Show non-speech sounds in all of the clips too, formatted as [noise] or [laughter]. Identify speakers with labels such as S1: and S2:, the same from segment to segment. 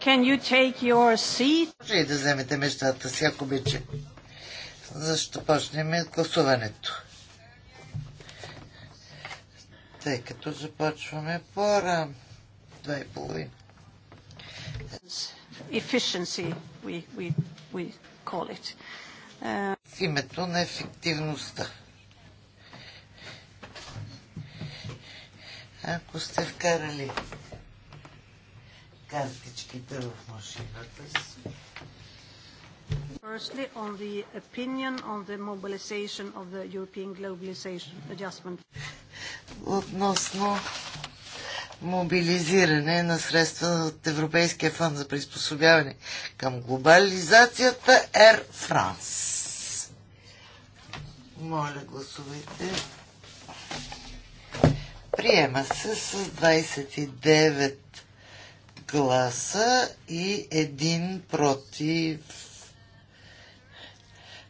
S1: Can you take your seat? Може и да вземете местата си, ако обича. Защо почнем гласуването? Тъй като започваме пора. Два и половина.
S2: Efficiency, we, we, we call it. Uh...
S1: В името на ефективността. Ако сте вкарали картичките в машината си.
S2: Firstly, on the opinion on the mobilization of the European Globalization Adjustment.
S1: Относно мобилизиране на средства от Европейския фонд за приспособяване към глобализацията Air France. Моля, гласувайте. Приема се с 29 гласа и един против.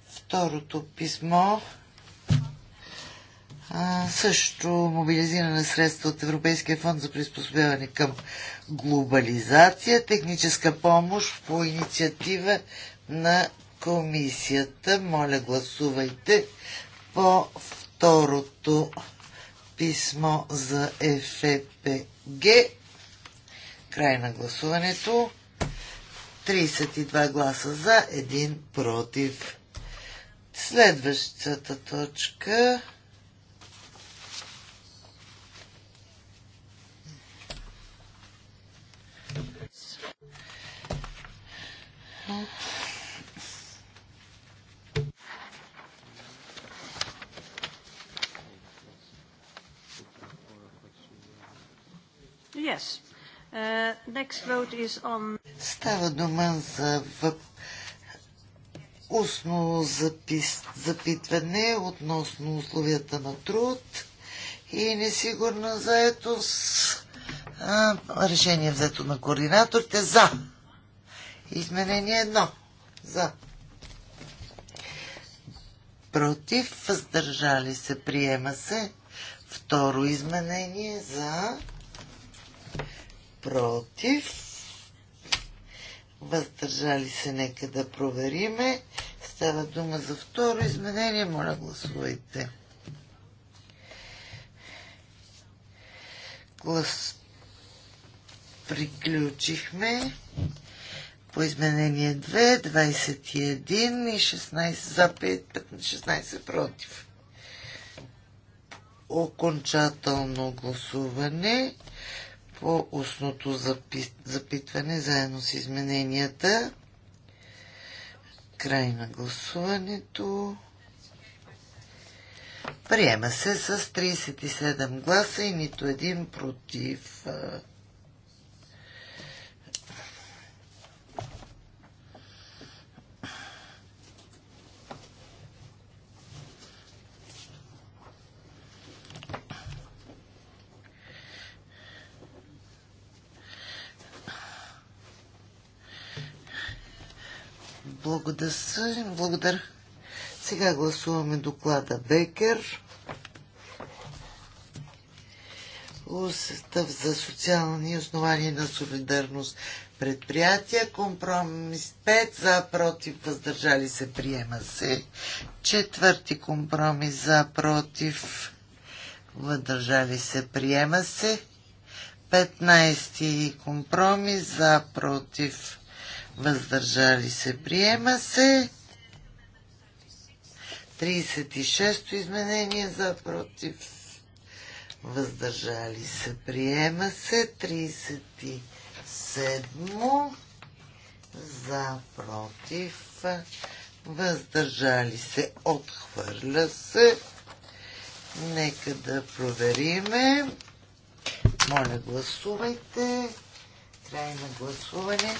S1: Второто писмо а, също мобилизиране средства от Европейския фонд за приспособяване към глобализация, техническа помощ по инициатива на комисията. Моля, гласувайте по второто писмо за ФПГ Край на гласуването. 32 гласа за, 1 против. Следващата точка.
S2: Yes. Uh, on...
S1: Става дума за въп... устно запис... запитване относно условията на труд и несигурна заетост. А, решение взето на координаторите за. Изменение едно. За. Против, въздържали се, приема се. Второ изменение за против. Въздържали се, нека да провериме. Става дума за второ изменение. Моля, гласувайте. Глас. Приключихме. По изменение 2, 21 и 16 за 5, 16 против. Окончателно гласуване по устното запитване заедно с измененията. Край на гласуването. Приема се с 37 гласа и нито един против. Благодаря. Благодаря. Сега гласуваме доклада Бекер. Устав за социални основания на солидарност предприятия. Компромис 5 за против въздържали се приема се. Четвърти компромис за против въздържали се приема се. 15 компромис за против въздържали се, приема се. 36-то изменение за против, въздържали се, приема се. 37-мо за против, въздържали се, отхвърля се. Нека да провериме. Моля, гласувайте. Край на гласуване.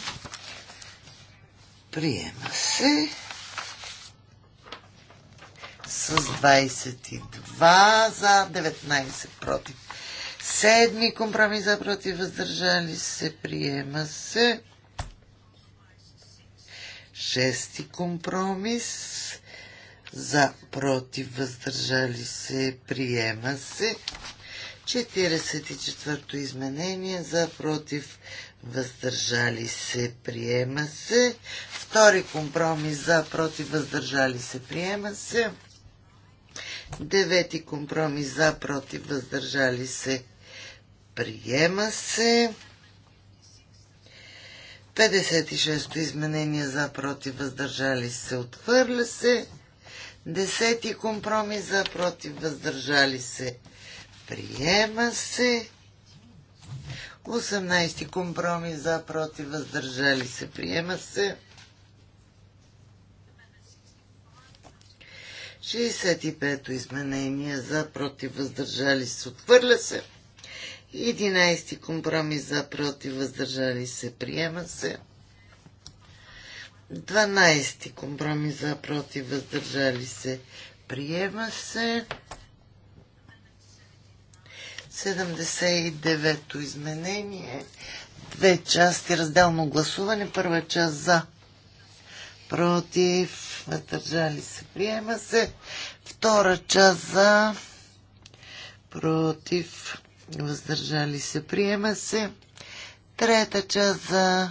S1: Приема се с 22 за 19 против. Седми компромис за против въздържали се. Приема се. Шести компромис за против въздържали се. Приема се. 44-то изменение за против въздържали се, приема се. Втори компромис за, против, въздържали се, приема се. Девети компромис за, против, въздържали се, приема се. 56-то изменение за, против, въздържали се, отхвърля се. Десети компромис за, против, въздържали се, приема се. 18 компромис за, против, въздържали се, приема се. 65-то изменение за, против, въздържали се, отвърля се. 11 компромис за, против, въздържали се, приема се. 12 компромис за, против, въздържали се, приема се. 79-то изменение. Две части разделно гласуване. Първа част за. Против. Въздържали се. Приема се. Втора част за. Против. Въздържали се. Приема се. Трета част за.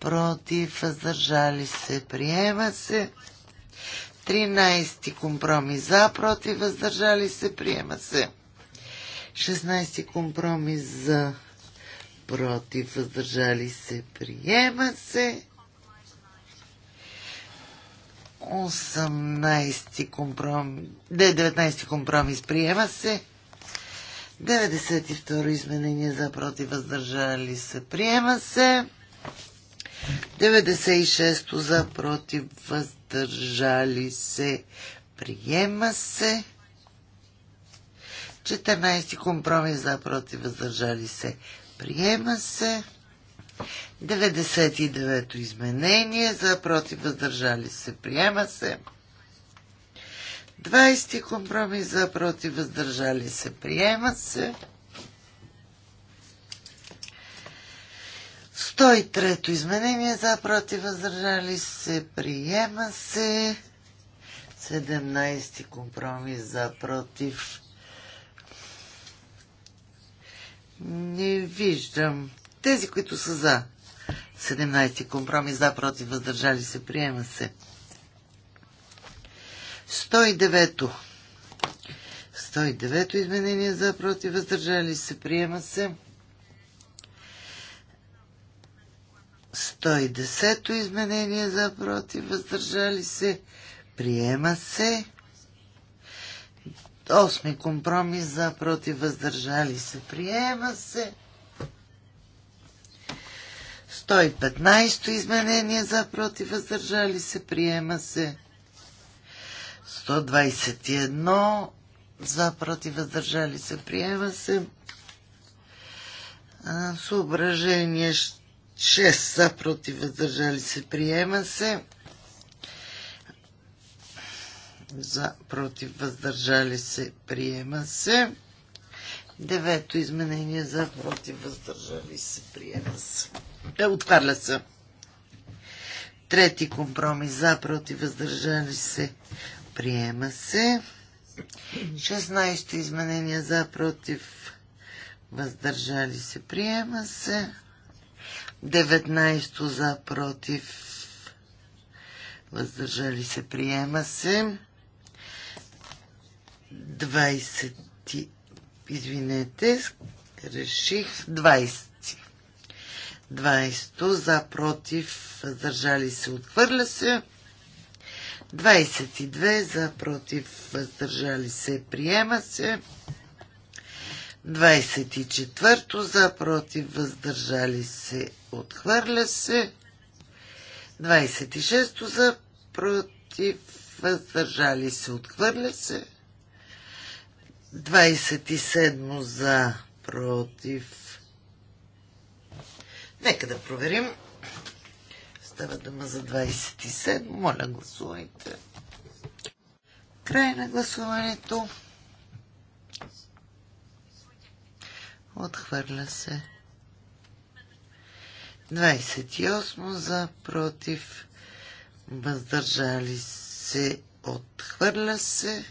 S1: Против. Въздържали се. Приема се. 13 компромис за, против, въздържали се, приема се. 16 компромис за против, въздържали се, приема се. 18 компромис, 19 компромис приема се. 92 изменение за против, въздържали се, приема се. 96 за против, въздържали се, приема се. 14 компромис за против въздържали се. Приема се. 99-то изменение за против въздържали се. Приема се. 20 компромис за против въздържали се. Приема се. 103-то изменение за против въздържали се. Приема се. 17 компромис за против Не виждам. Тези, които са за 17 компромис, за, против, въздържали се, приема се. 109-то. 109-то изменение за, против, въздържали се, приема се. 110-то изменение за, против, въздържали се, приема се. Осми компромис за против въздържали се. Приема се. 115 изменение за против въздържали се. Приема се. 121 за против въздържали се. Приема се. Съображение 6 за против въздържали се. Приема се за против въздържали се приема се. Девето изменение за против въздържали се приема се. Е, отхвърля се. Трети компромис за против въздържали се приема се. 16 изменение за против въздържали се приема се. 19 за против въздържали се приема се. 20. Извинете, реших 20. 20 за против, въздържали се, отхвърля се. 22 за против, въздържали се, приема се. 24 за против, въздържали се, отхвърля се. 26 за против, въздържали се, отхвърля се. 27 за против. Нека да проверим. Става дума за 27. Моля, гласувайте. Край на гласуването. Отхвърля се. 28 за против. Въздържали се. Отхвърля се.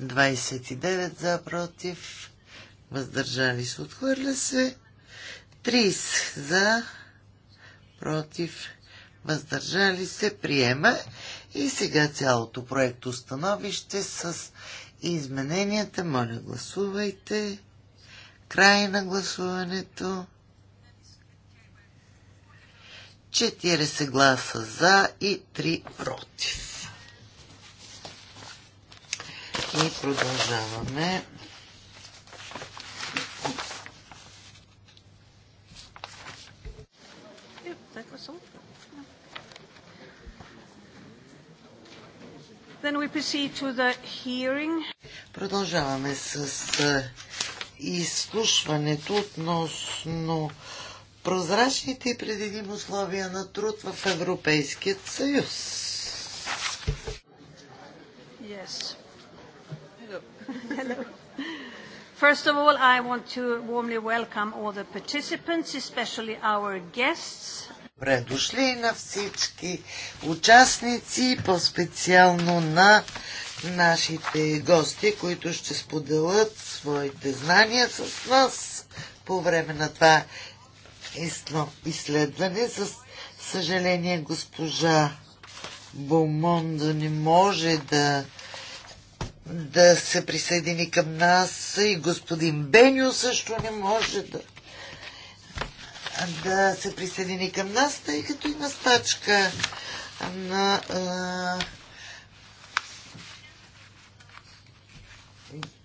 S1: 29 за против, въздържали се, отхвърля се. 30 за против, въздържали се, приема. И сега цялото проект установище с измененията. Моля, гласувайте. Край на гласуването. 40 гласа за и 3 против. И продължаваме.
S2: Продължаваме с
S1: изслушването относно прозрачните и предвидими условия на труд в Европейският съюз.
S2: Yes. Hello. First of all, I want to warmly welcome all the participants, especially our guests.
S1: Добре дошли
S2: на всички
S1: участници, по-специално на нашите гости, които ще споделят своите знания с нас по време на това изследване. С съжаление госпожа Бомонда не може да да се присъедини към нас и господин Бенио също не може да, да се присъедини към нас, тъй като има стачка на а,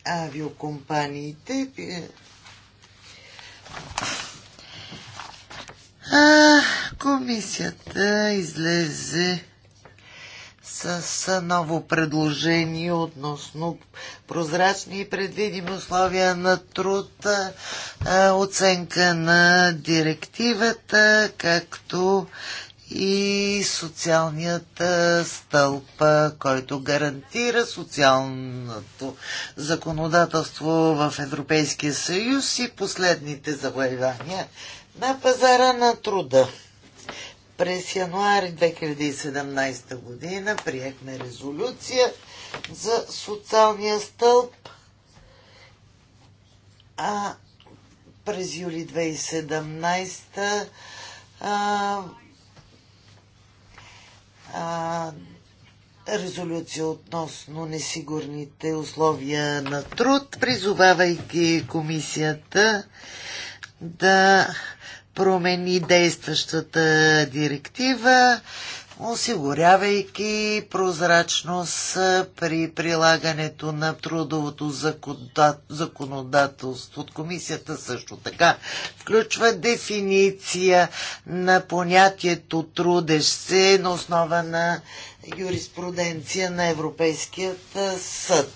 S1: авиокомпаниите. А, комисията излезе с, ново предложение относно прозрачни и предвидими условия на труд, оценка на директивата, както и социалният стълб, който гарантира социалното законодателство в Европейския съюз и последните завоевания на пазара на труда. През януари 2017 година приехме резолюция за социалния стълб, а през юли 2017 а, а, резолюция относно несигурните условия на труд, призовавайки комисията да промени действащата директива, осигурявайки прозрачност при прилагането на трудовото законодателство. От комисията също така включва дефиниция на понятието трудещ се на основа на юриспруденция на Европейският съд.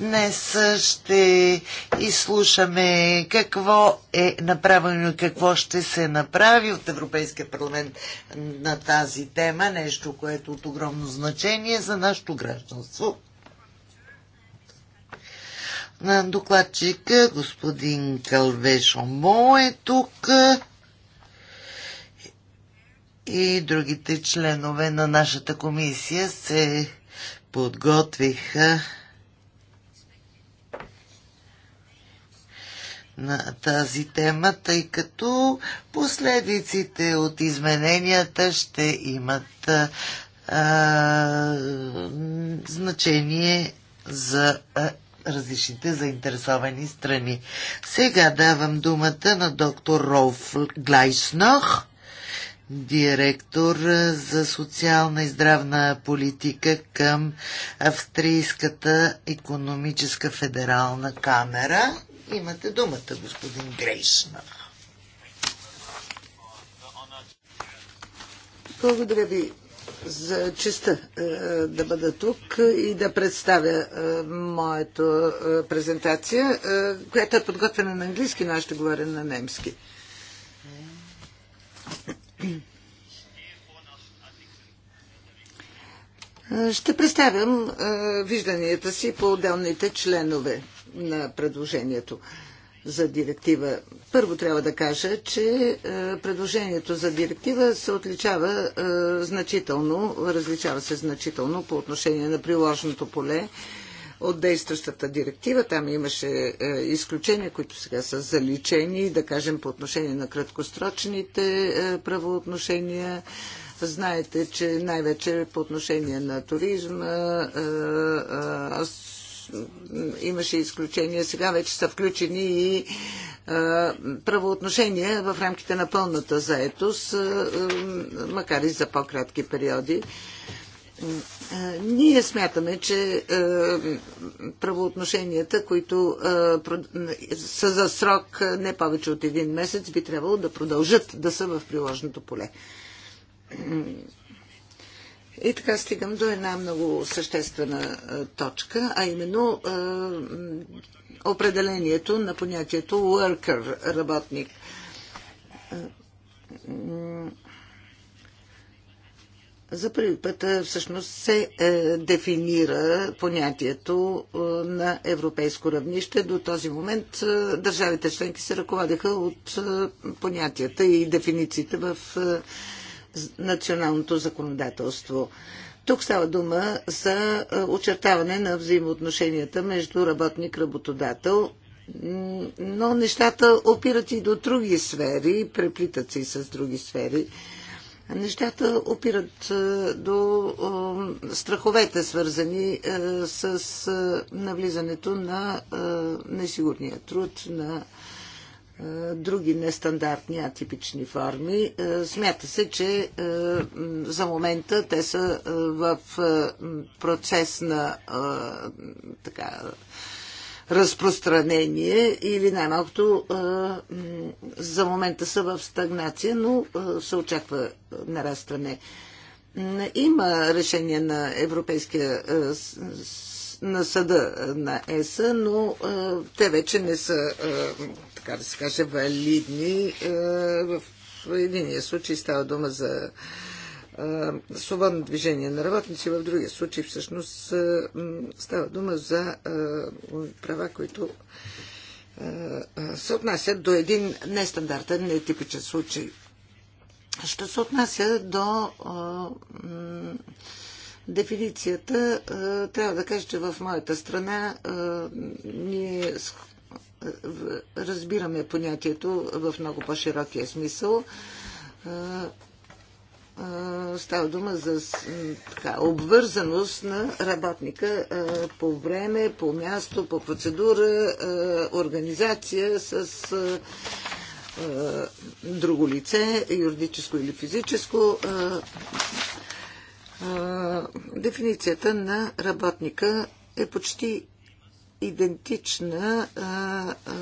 S1: Днес ще изслушаме какво е направено и какво ще се направи от Европейския парламент на тази тема, нещо, което е от огромно значение за нашето гражданство. На докладчика господин Калве Шомо е тук и другите членове на нашата комисия се подготвиха на тази тема, тъй като последиците от измененията ще имат а, значение за а, различните заинтересовани страни. Сега давам думата на доктор Ролф Глайснох, директор за социална и здравна политика към Австрийската економическа федерална камера. Имате думата, господин Грейснер.
S3: Благодаря ви за честа е, да бъда тук и да представя е, моето е, презентация, която е подготвена на английски, но аз ще говоря на немски. Ще представям вижданията си по отделните членове на предложението за директива. Първо трябва да кажа, че е, предложението за директива се отличава е, значително, различава се значително по отношение на приложеното поле от действащата директива. Там имаше е, изключения, които сега са заличени, да кажем, по отношение на краткосрочните правоотношения. Знаете, че най-вече по отношение на туризма, имаше изключения, сега вече са включени и е, правоотношения в рамките на пълната заетост, е, е, макар и за по-кратки периоди. Ние смятаме, че правоотношенията, които са за срок не повече от един месец, би трябвало да продължат да са в приложното поле. И така стигам до една много съществена точка, а именно определението на понятието worker, работник. За първи път всъщност се е, дефинира понятието на европейско равнище. До този момент държавите членки се ръководиха от понятията и дефинициите в националното законодателство. Тук става дума за е, очертаване на взаимоотношенията между работник-работодател, но нещата опират и до други сфери, преплитат се и с други сфери. Нещата опират е, до страховете, свързани е, с навлизането на несигурния труд, на е, други нестандартни, атипични форми. Е, смята се, че е, за момента те са в процес на така, разпространение или най-малкото за момента са в стагнация, но се очаква нарастване. Има решение на Европейския на съда на ЕСА, но те вече не са така да се каже, валидни. Е, в единия случай става дума за е, свободно движение на работници, в другия случай всъщност е, става дума за права, които се отнасят до един нестандартен, нетипичен случай. Що се отнася до дефиницията, трябва да кажа, че в моята страна ние разбираме понятието в много по-широкия смисъл. Става дума за така, обвързаност на работника по време, по място, по процедура, организация с друго лице, юридическо или физическо. Дефиницията на работника е почти идентична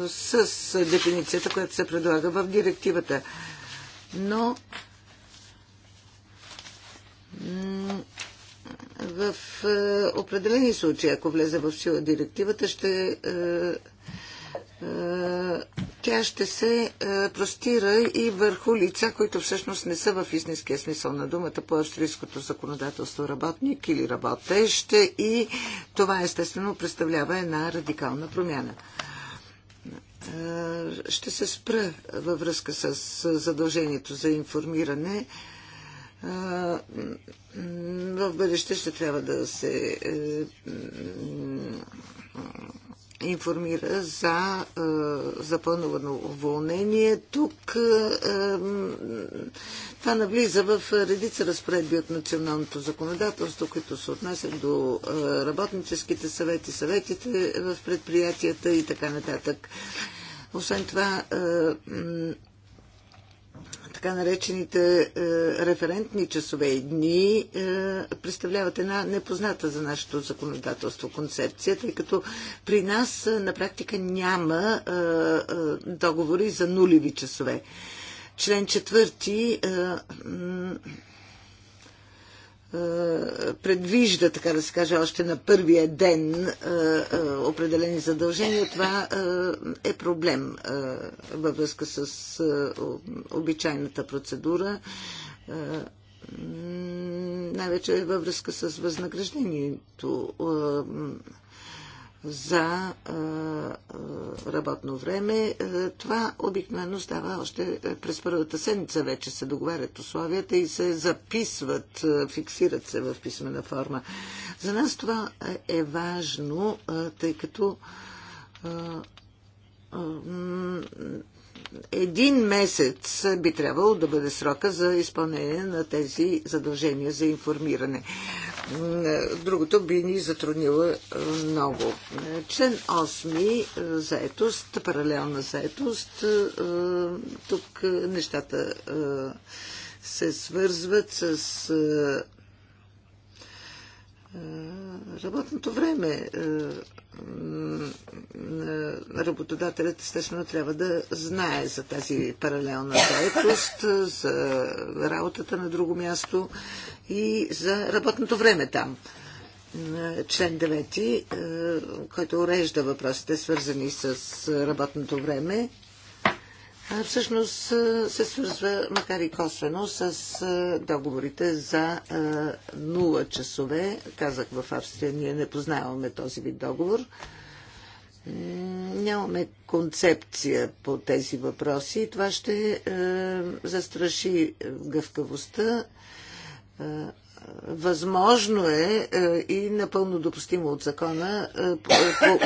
S3: с дефиницията, която се предлага в директивата. Но в определени случаи, ако влезе в сила директивата, ще е, тя ще се е, простира и върху лица, които всъщност не са в истинския смисъл на думата по австрийското законодателство работник или работещ и това естествено представлява една радикална промяна. Е, ще се спра във връзка с задължението за информиране. В бъдеще ще трябва да се информира за, е, за пълно уволнение. Тук е, това навлиза в редица разпредби от националното законодателство, които се отнасят до е, работническите съвети, съветите в предприятията и така нататък. Освен това, така наречените е, референтни часове и дни е, представляват една непозната за нашето законодателство концепция, тъй като при нас е, на практика няма договори за нулеви часове. Член четвърти е, предвижда, така да се каже, още на първия ден е, е, определени задължения, това е проблем във връзка с обичайната процедура, най-вече във връзка с възнаграждението за работно време. Това обикновено става още през първата седмица. Вече се договарят условията и се записват, фиксират се в писмена форма. За нас това е важно, тъй като един месец би трябвало да бъде срока за изпълнение на тези задължения за информиране другото би ни затруднило е, много. Член 8 е, заетост, паралелна заетост. Е, тук нещата се свързват с е, работното време. Е, е, работодателят естествено трябва да знае за тази паралелна заетост, за работата на друго място и за работното време там. Член 9, който урежда въпросите, свързани с работното време, всъщност се свързва, макар и косвено, с договорите за 0 часове. Казах в Австрия, ние не познаваме този вид договор. Нямаме концепция по тези въпроси и това ще застраши гъвкавостта възможно е, е и напълно допустимо от закона, е, по,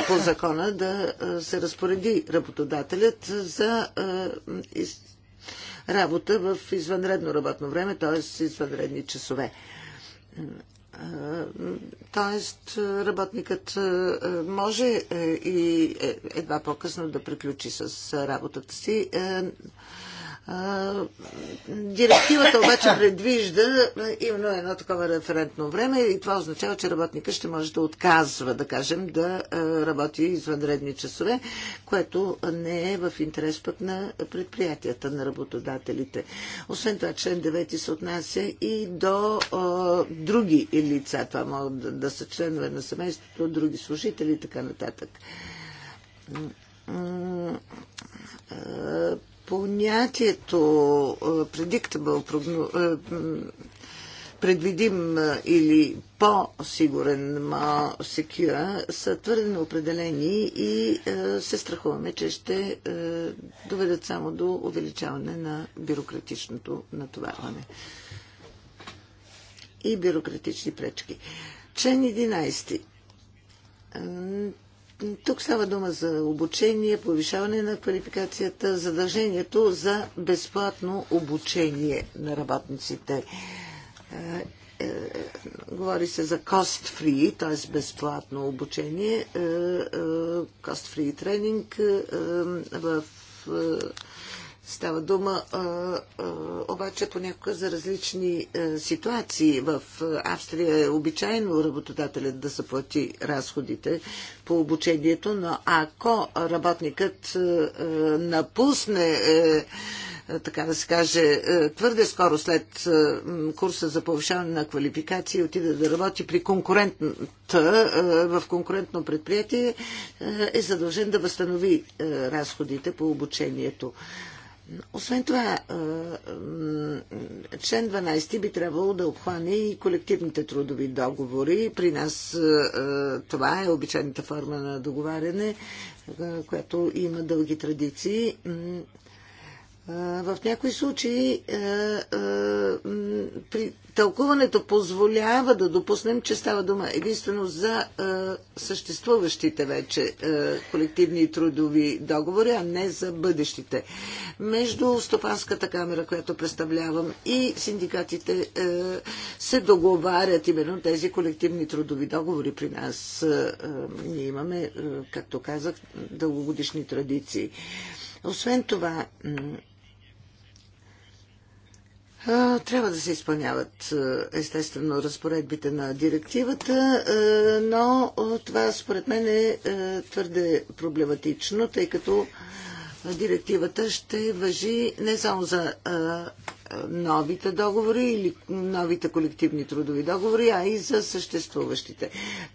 S3: по, закона да е, се разпореди работодателят за работа в извънредно работно време, т.е. извънредни часове. Тоест, работникът може и едва по-късно да приключи с работата си Директивата обаче предвижда именно едно такова референтно време и това означава, че работника ще може да отказва, да кажем, да работи извънредни часове, което не е в интерес пък на предприятията, на работодателите. Освен това, член 9 се отнася и до а, други лица. Това могат да, да са членове на семейството, други служители и така нататък понятието е, predictable, е, предвидим е, или по-сигурен секюра, са твърде определени и се страхуваме, че ще доведат само до увеличаване на бюрократичното натоварване и бюрократични пречки. Член 11. Тук става дума за обучение, повишаване на квалификацията, задължението за безплатно обучение на работниците. Е, е, говори се за cost-free, т.е. безплатно обучение, е, cost-free тренинг в Става дума а, а, обаче понякога за различни а, ситуации. В Австрия е обичайно работодателят да заплати разходите по обучението, но ако работникът а, напусне. А, е, е, така да се каже, е, твърде скоро след курса за повишаване на квалификации отиде да работи при конкурентната, в конкурентно предприятие, е задължен да възстанови разходите по обучението. Освен това, член 12 би трябвало да обхване и колективните трудови договори. При нас това е обичайната форма на договаряне, която има дълги традиции. В някои случаи при тълкуването позволява да допуснем, че става дума единствено за съществуващите вече колективни трудови договори, а не за бъдещите. Между Стопанската камера, която представлявам, и синдикатите се договарят именно тези колективни трудови договори при нас. Ние имаме, както казах, дългогодишни традиции. Освен това, трябва да се изпълняват естествено разпоредбите на директивата, но това според мен е твърде проблематично, тъй като директивата ще въжи не само за новите договори или новите колективни трудови договори, а и за съществуващите.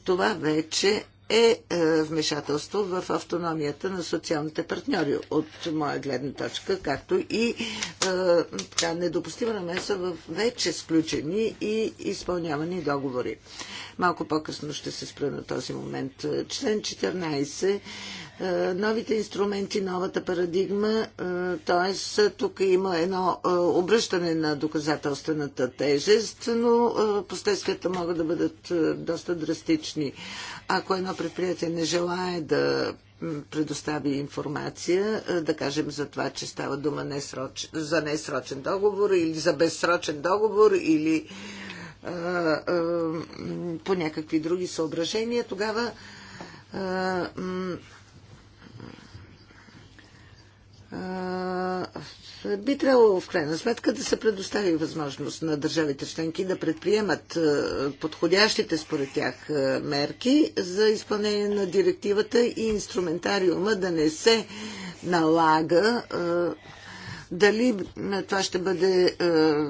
S3: Това вече е, е вмешателство в автономията на социалните партньори от моя гледна точка, както и е, така, недопустима намеса в вече сключени и изпълнявани договори. Малко по-късно ще се спра на този момент. Член 14 е, новите инструменти, новата парадигма. Т.е. тук има едно е, обръщане на доказателствената тежест, но е, последствията могат да бъдат доста драстични. Ако едно предприятие не желае да предостави информация, да кажем за това, че става дума несроч... за несрочен договор или за безсрочен договор или по някакви други съображения, тогава би трябвало в крайна сметка да се предостави възможност на държавите членки да предприемат подходящите според тях мерки за изпълнение на директивата и инструментариума да не се налага дали това ще бъде е,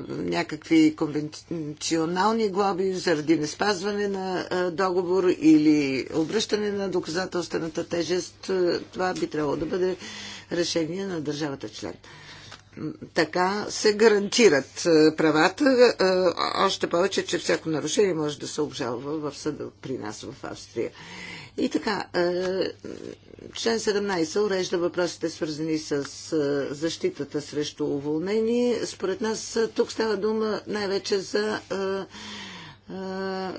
S3: някакви конвенционални глоби заради не спазване на е, договор или обръщане на доказателствената тежест, това би трябвало да бъде решение на държавата член. Така се гарантират е, правата, е, още повече, че всяко нарушение може да се обжалва в съда при нас в Австрия. И така, е, член 17 урежда въпросите свързани с защитата срещу уволнение. Според нас тук става дума най-вече за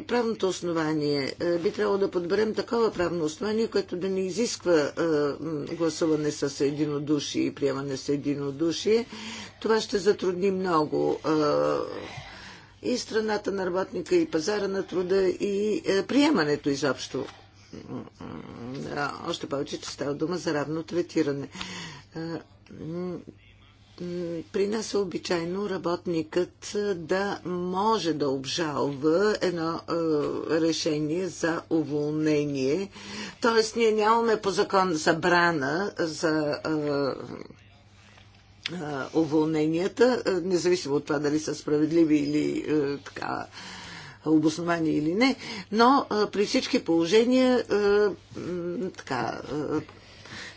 S3: правното основание. Би трябвало да подберем такова правно основание, което да не изисква гласуване с единодушие и приемане с единодушие. Това ще затрудни много и страната на работника, и пазара на труда, и приемането изобщо. Още повече, че става дума за равно третиране при нас е обичайно работникът да може да обжалва едно е, решение за уволнение. Тоест, ние нямаме по закон забрана за е, е, уволненията, независимо от това дали са справедливи или е, така обосновани или не, но е, при всички положения е, е, така, е,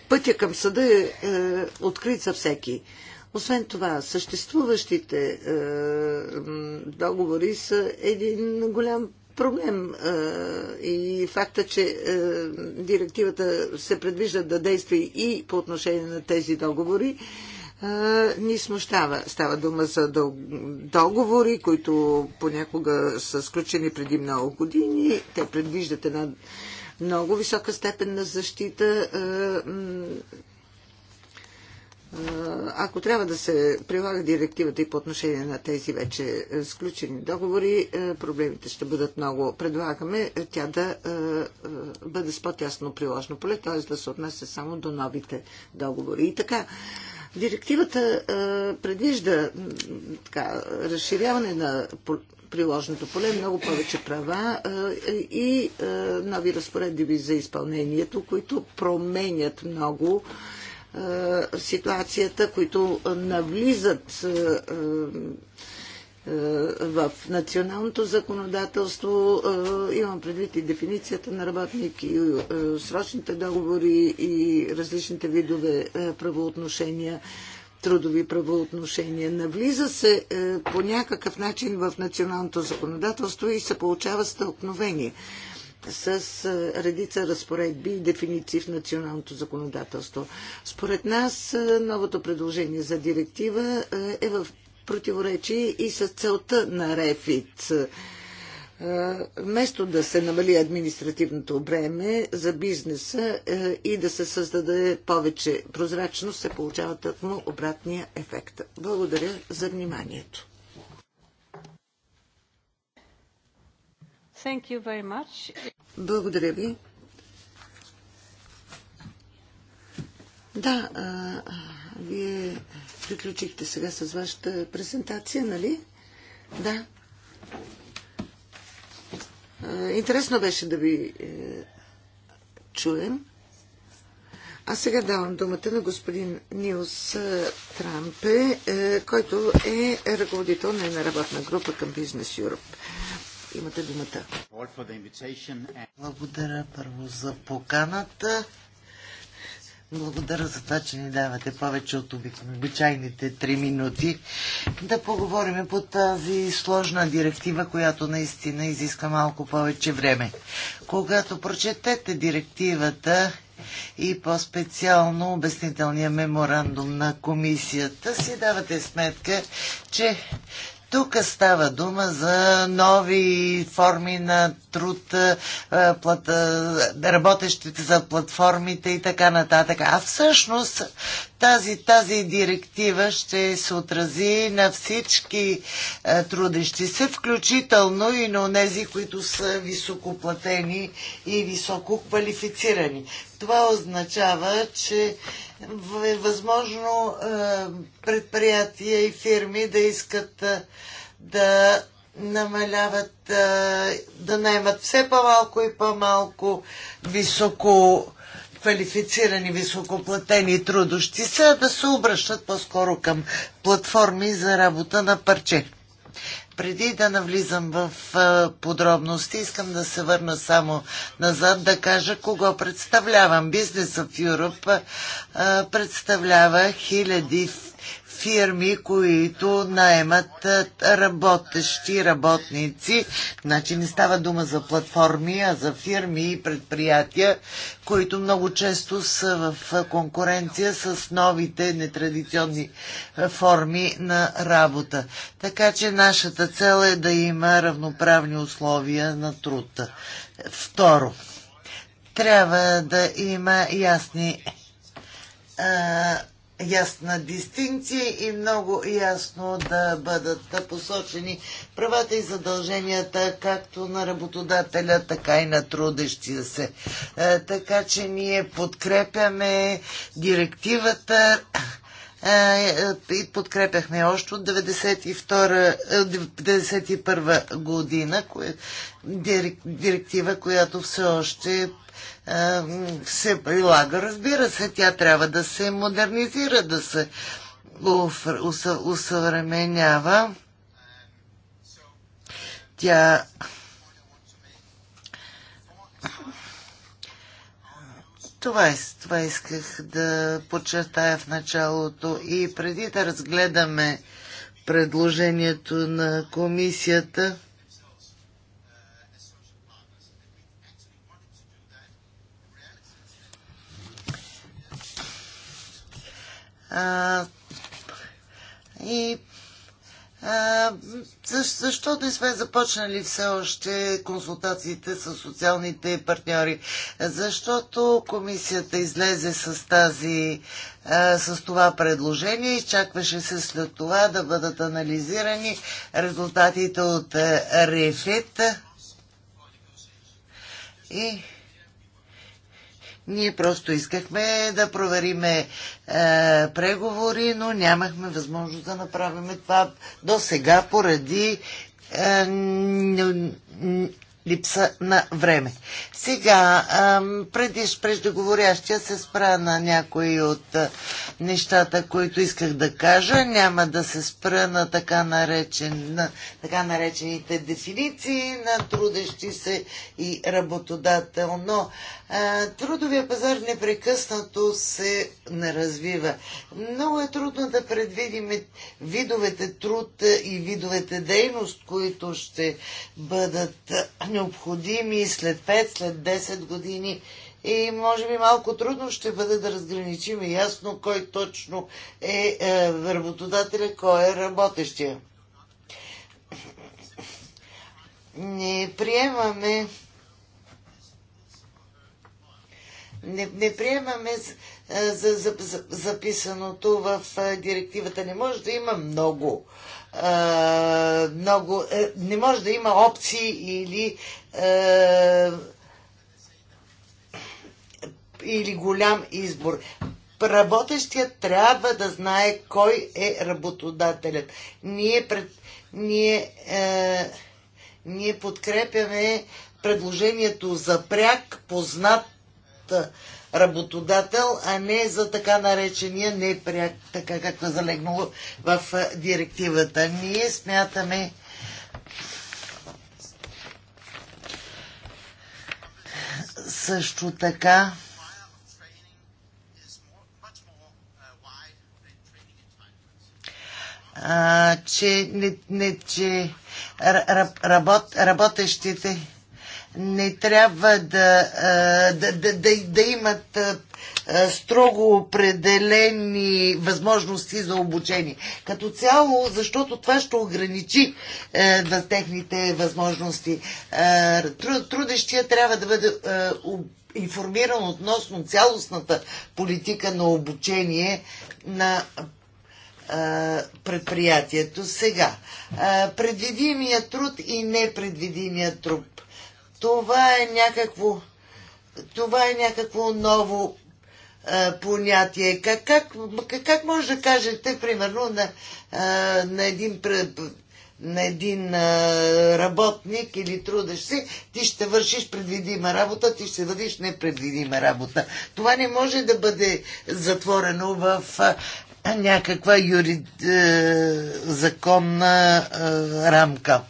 S3: пътя към съда е, е открит за всеки. Освен това, съществуващите е, договори са един голям проблем е, и факта, че е, директивата се предвижда да действа и по отношение на тези договори, е, ни смущава. Става дума за договори, които понякога са сключени преди много години. Те предвиждат една много висока степен на защита ако трябва да се прилага директивата и по отношение на тези вече е, сключени договори, е, проблемите ще бъдат много. Предлагаме е, тя да бъде с по-тясно приложно поле, т.е. да се отнесе само до новите договори. И така, директивата предвижда така, разширяване на приложното поле, много повече права и нови разпоредби за изпълнението, които променят много е, ситуацията, които навлизат е, е, в националното законодателство. Имам предвид и дефиницията на работник, и срочните договори, и различните видове правоотношения трудови правоотношения. Навлиза се по някакъв начин в националното законодателство и се получава стълкновение с редица разпоредби и дефиниции в националното законодателство. Според нас новото предложение за директива е в противоречие и с целта на РЕФИТ. Вместо да се намали административното бреме за бизнеса и да се създаде повече прозрачност, се получава тъкмо обратния ефект. Благодаря за вниманието.
S2: Thank you very much.
S3: Благодаря ви. Да, а, вие приключихте сега с вашата презентация, нали? Да. А, интересно беше да ви е, чуем. А сега давам думата на господин Нилс Трампе, е, който е ръководител на една работна група към Бизнес Europe. Имате думата.
S1: Благодаря първо за поканата. Благодаря за това, че ни давате повече от обичайните три минути. Да поговорим по тази сложна директива, която наистина изиска малко повече време. Когато прочетете директивата и по-специално обяснителния меморандум на комисията, си давате сметка, че тук става дума за нови форми на труд, работещите за платформите и така нататък. А всъщност тази, тази директива ще се отрази на всички трудещи се, включително и на тези, които са високоплатени и високо квалифицирани. Това означава, че е възможно е, предприятия и фирми да искат е, да намаляват, е, да наемат все по-малко и по-малко високо квалифицирани, високоплатени трудощи са да се обръщат по-скоро към платформи за работа на парче. Преди да навлизам в подробности, искам да се върна само назад, да кажа кого представлявам. Бизнес в Европа представлява хиляди фирми, които наемат работещи работници. Значи не става дума за платформи, а за фирми и предприятия, които много често са в конкуренция с новите нетрадиционни форми на работа. Така че нашата цел е да има равноправни условия на труда. Второ, трябва да има ясни ясна дистинция и много ясно да бъдат посочени правата и задълженията както на работодателя, така и на трудещия се. Е, така че ние подкрепяме директивата е, е, и подкрепяхме още от 1991 година директива, която все още се прилага. Разбира се, тя трябва да се модернизира, да се усъвременява. Тя Това, е, това исках да подчертая в началото и преди да разгледаме предложението на комисията, и а, защо, защото не сме започнали все още консултациите с социалните партньори? Защото комисията излезе с, тази, а, с това предложение и чакваше се след това да бъдат анализирани резултатите от рефит. И ние просто искахме да провериме е, преговори, но нямахме възможност да направим това до сега поради е, липса на време. Сега, е, предиш преждеговорящия се спра на някои от е, нещата, които исках да кажа. Няма да се спра на така, наречен, на така наречените дефиниции на трудещи се и работодател, но Трудовия пазар непрекъснато се наразвива. Много е трудно да предвидим видовете труд и видовете дейност, които ще бъдат необходими след 5, след 10 години. И може би малко трудно ще бъде да разграничим ясно кой точно е, е работодателя, кой е работещия. Не приемаме Не, не приемаме за, за, за, записаното в директивата. Не може да има много. А, много а, е, не може да има опции или. А, или голям избор. Работещият трябва да знае кой е работодателят. Ние, пред, ние, а, е, ние подкрепяме предложението за пряк, познат работодател, а не за така наречения непряк, така както е залегнало в директивата. Ние смятаме, също така а, че, не, не, че работ, работещите не трябва да, да, да, да, да имат строго определени възможности за обучение. Като цяло, защото това ще ограничи е, техните възможности. Е, трудещия трябва да бъде е, информиран относно цялостната политика на обучение на е, предприятието. Сега, е, предвидимия труд и непредвидимия труд това е някакво, това е някакво ново а, е, понятие. Как, как, как може да кажете, примерно, на, а, е, на един, на един а, е, работник или трудещ се, ти ще вършиш предвидима работа, ти ще вършиш непредвидима работа. Това не може да бъде затворено в а, някаква юрид, е, законна е, рамка.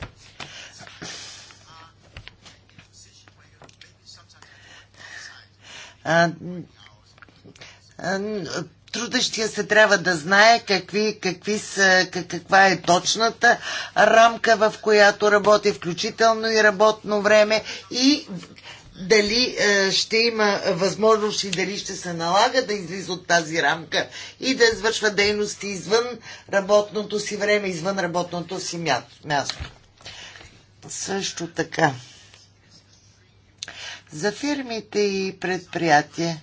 S1: трудещия се трябва да знае какви, какви са, как, каква е точната рамка, в която работи, включително и работно време и дали е, ще има възможност и дали ще се налага да излиза от тази рамка и да извършва дейности извън работното си време, извън работното си място. Също така. За фирмите и предприятия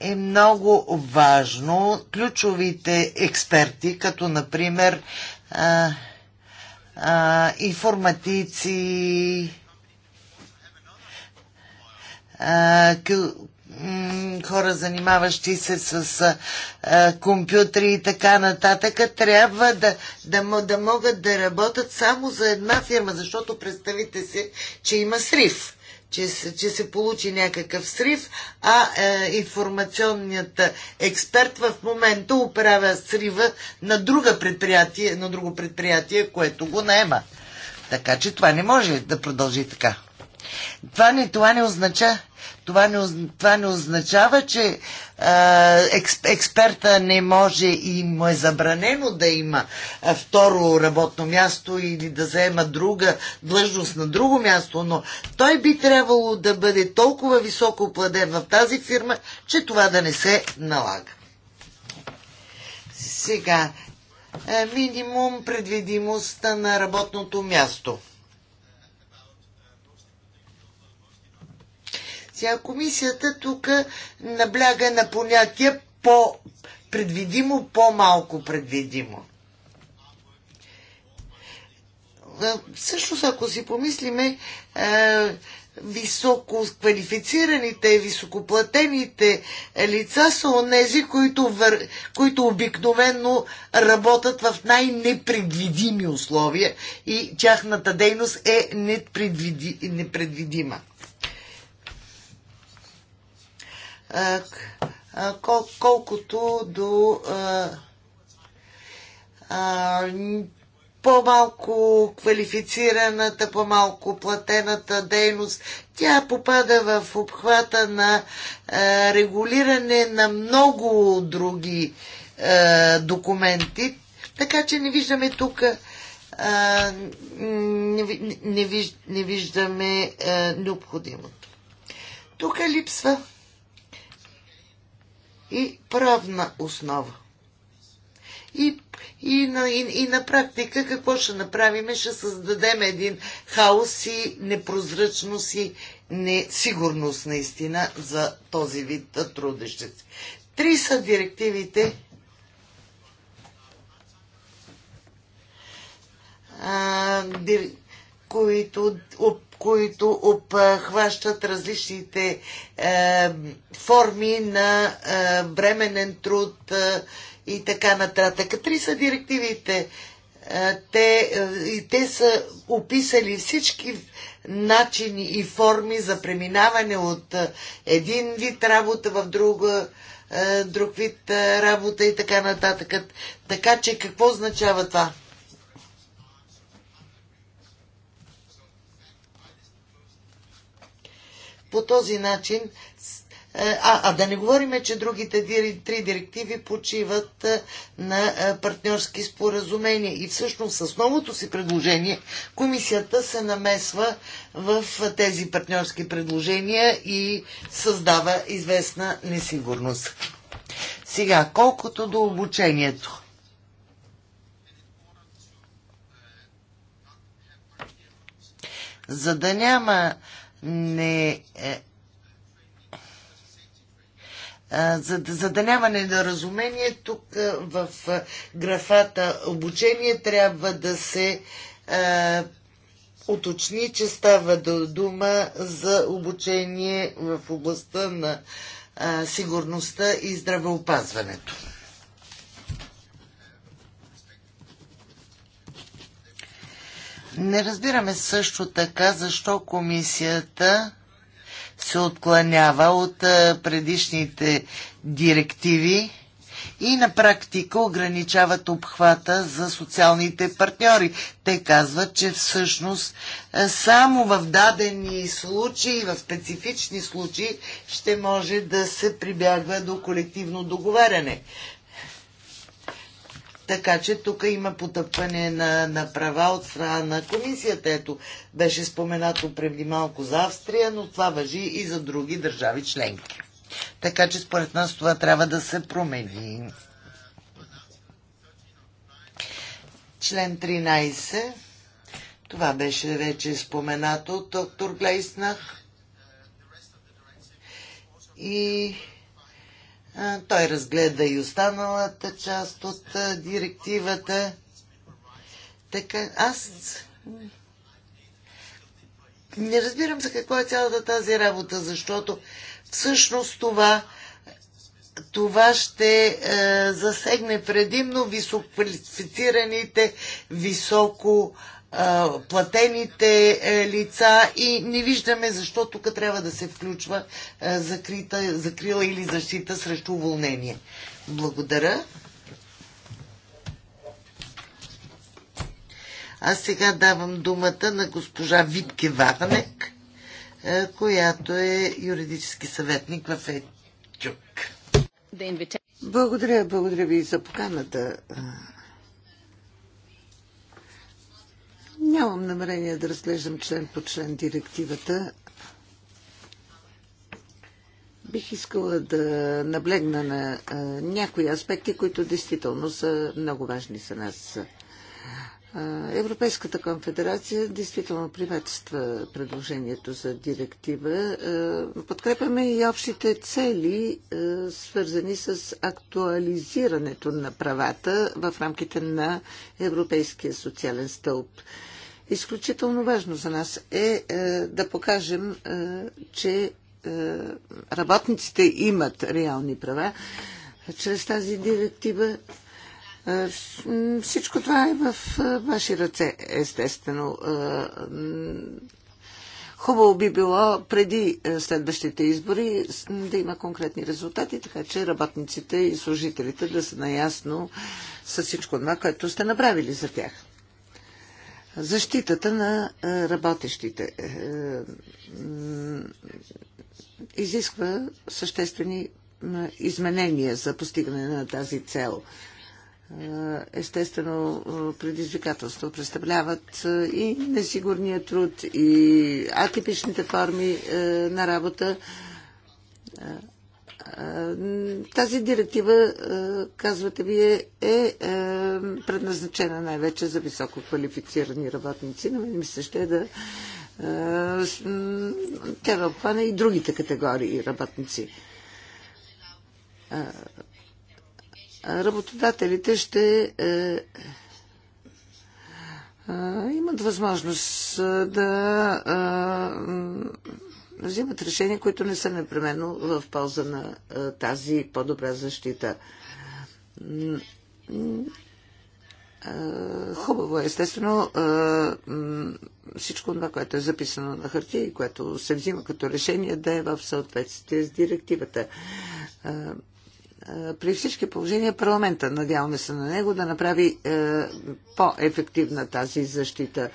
S1: е много важно ключовите експерти, като например а, а, информатици, а, хора, занимаващи се с а, компютри и така нататък, трябва да, да, да могат да работят само за една фирма, защото представите се, че има срив че, че се получи някакъв срив, а е, информационният експерт в момента оправя срива на, друга предприятие, на друго предприятие, което го наема. Така че това не може да продължи така. Това не, това не означава, това не, това не означава, че експ, експерта не може и му е забранено да има второ работно място или да заема друга длъжност на друго място, но той би трябвало да бъде толкова високо платен в тази фирма, че това да не се налага. Сега, минимум предвидимостта на работното място – Сега комисията тук набляга на понятия по-предвидимо, по-малко предвидимо. Също, ако си помислиме, е, високо квалифицираните, високоплатените лица са онези, които, вър... които обикновенно работят в най-непредвидими условия и тяхната дейност е непредвиди... непредвидима кол, колкото до по-малко квалифицираната, по-малко платената дейност. Тя попада в обхвата на регулиране на много други документи, така че не виждаме тук не, не, не виждаме необходимото. Тук липсва и правна основа. И, и, на, и, и на практика какво ще направим? Ще създадем един хаос и непрозрачност и несигурност наистина за този вид трудещи Три са директивите, а, дир... които от които обхващат различните е, форми на е, бременен труд е, и така нататък. Три са директивите. Е, те, е, те са описали всички начини и форми за преминаване от е, един вид работа в друг, е, друг вид работа и така нататък. Така че какво означава това? По този начин, е, а, а да не говорим, че другите три директиви почиват е, на е, партньорски споразумения. И всъщност с новото си предложение комисията се намесва в тези партньорски предложения и създава известна несигурност. Сега, колкото до обучението. За да няма не е, за, за да няма недоразумение, тук е, в е, графата обучение трябва да се е, уточни, че става дума за обучение в областта на е, сигурността и здравеопазването. Не разбираме също така защо комисията се отклонява от предишните директиви и на практика ограничават обхвата за социалните партньори. Те казват, че всъщност само в дадени случаи, в специфични случаи, ще може да се прибягва до колективно договаряне. Така че тук има потъпване на, на права от страна на комисията. Ето, беше споменато преди малко за Австрия, но това въжи и за други държави членки. Така че според нас това трябва да се промени. Член 13. Това беше вече споменато от доктор Глейснах. И той разгледа и останалата част от директивата. Така, аз не разбирам за какво е цялата тази работа, защото всъщност това, това ще засегне предимно висококвалифицираните, високо платените е, лица и не виждаме защо тук трябва да се включва е, закрита, закрила или защита срещу уволнение. Благодаря. А сега давам думата на госпожа Витке Варнек, е, която е юридически съветник в ЕЧУК.
S3: Благодаря, благодаря ви за поканата, Нямам намерение да разглеждам член по член директивата. Бих искала да наблегна на а, някои аспекти, които действително са много важни за нас. А, Европейската конфедерация действително приветства предложението за директива. А, подкрепяме и общите цели, а, свързани с актуализирането на правата в рамките на Европейския социален стълб. А, Изключително важно за нас е, е да покажем, е, че е, работниците имат реални права. Е, чрез тази директива е, всичко това е в е, ваши ръце, естествено. Хубаво би било преди следващите избори да има конкретни резултати, така че работниците и служителите да са наясно с всичко това, което сте направили за тях защитата на е, работещите е, изисква съществени изменения за постигане на тази цел. Е, естествено, предизвикателство представляват и несигурния труд, и атипичните форми на работа. Е, тази директива, е, казвате вие, е, е предназначена най-вече за високо квалифицирани работници, но ми се ще е да тя да обхване и другите категории работници. Работодателите ще имат възможност да взимат решения, които не са непременно в полза на тази по-добра защита. Хубаво е, естествено, всичко това, което е записано на хартия и което се взима като решение, да е в съответствие с директивата. Е, при всички положения парламента, надяваме се на него, да направи е, по-ефективна тази защита.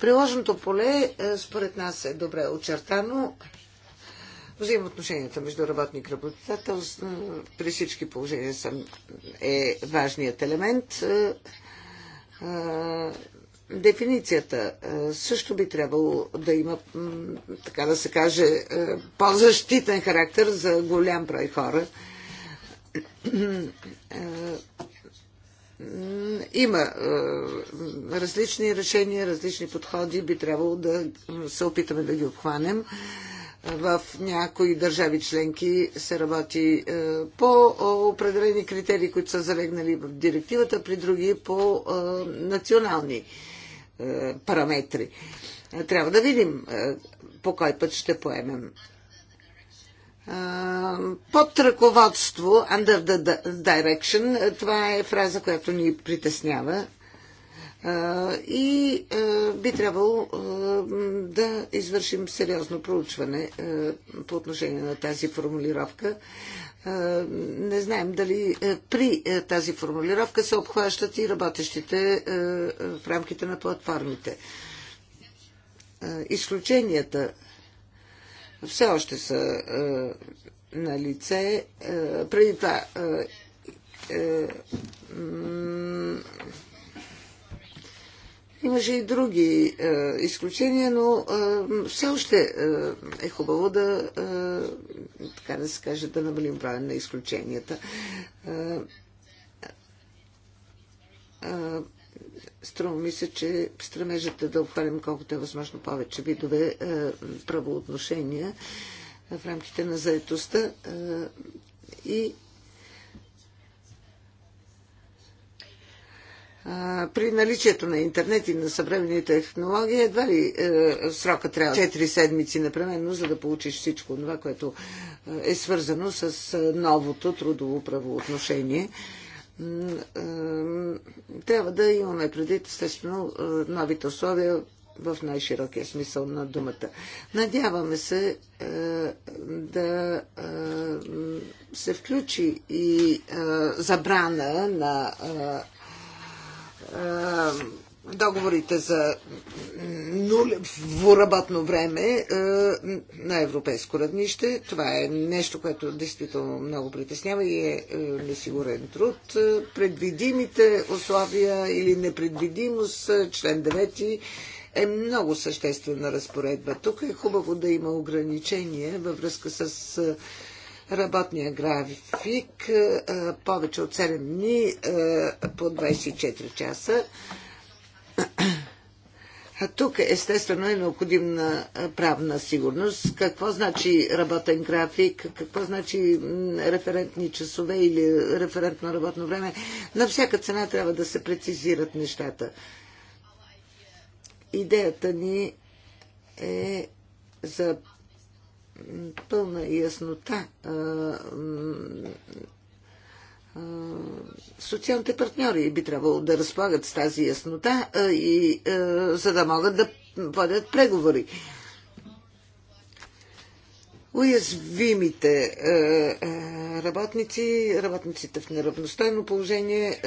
S3: Приложното поле, е, според нас, е добре очертано. Взаимоотношенията между работник и работодател при всички положения е важният елемент. Дефиницията също би трябвало да има, така да се каже, по-защитен характер за голям брой хора има е, различни решения, различни подходи, би трябвало да се опитаме да ги обхванем. В някои държави членки се работи е, по определени критерии, които са залегнали в директивата, при други по е, национални параметри. Трябва да видим по кой път ще поемем под ръководство, under the direction, това е фраза, която ни притеснява и би трябвало да извършим сериозно проучване по отношение на тази формулировка. Не знаем дали при тази формулировка се обхващат и работещите в рамките на платформите. Изключенията все още са е, на лице. Е, преди това е, Имаше и други е, изключения, но е, все още е, е хубаво да, е, така да се каже, да намалим броя на изключенията. Е, е, струва ми се, че стремежът е да обхванем колкото е възможно повече видове е, правоотношения в рамките на заетостта е, и при наличието на интернет и на съвременни технологии, едва ли е, срока трябва 4 седмици непременно, за да получиш всичко това, което е, е свързано с новото трудово правоотношение. Е, трябва да имаме предвид, естествено, е, новите условия в най-широкия смисъл на думата. Надяваме се е, да е, се включи и е, забрана на е, е договорите за работно време е, на европейско равнище. Това е нещо, което действително много притеснява и е, е несигурен труд. Е, предвидимите условия или непредвидимост, член 9 е много съществена разпоредба. Тук е хубаво да има ограничения във връзка с работния график повече от 7 дни по 24 часа а тук естествено е необходима правна сигурност. Какво значи работен график, какво значи референтни часове или референтно работно време. На всяка цена трябва да се прецизират нещата. Идеята ни е за пълна яснота е, социалните партньори би трябвало да разполагат с тази яснота е, и е, за да могат да водят преговори. Уязвимите работници, работниците в неравностойно положение,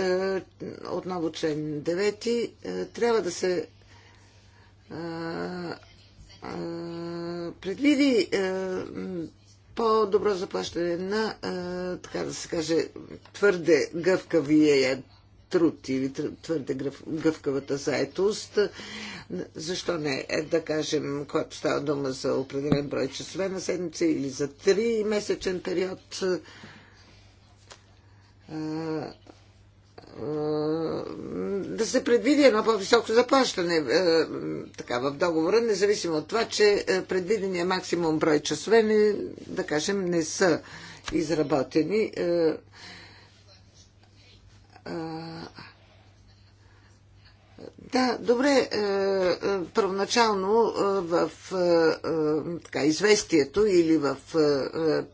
S3: отново член 9, трябва да се предвиди по-добро заплащане на, така да се каже, твърде гъвкавия труд или твърде гъвкавата заетост. Защо не? Е, да кажем, когато става дума за определен брой часове на седмица или за три месечен период, е, да се предвиди едно по-високо заплащане е, така, в договора, независимо от това, че е, предвидения максимум брой часове, не, да кажем, не са изработени. Да, добре. Е, е, първоначално е, в така, известието или в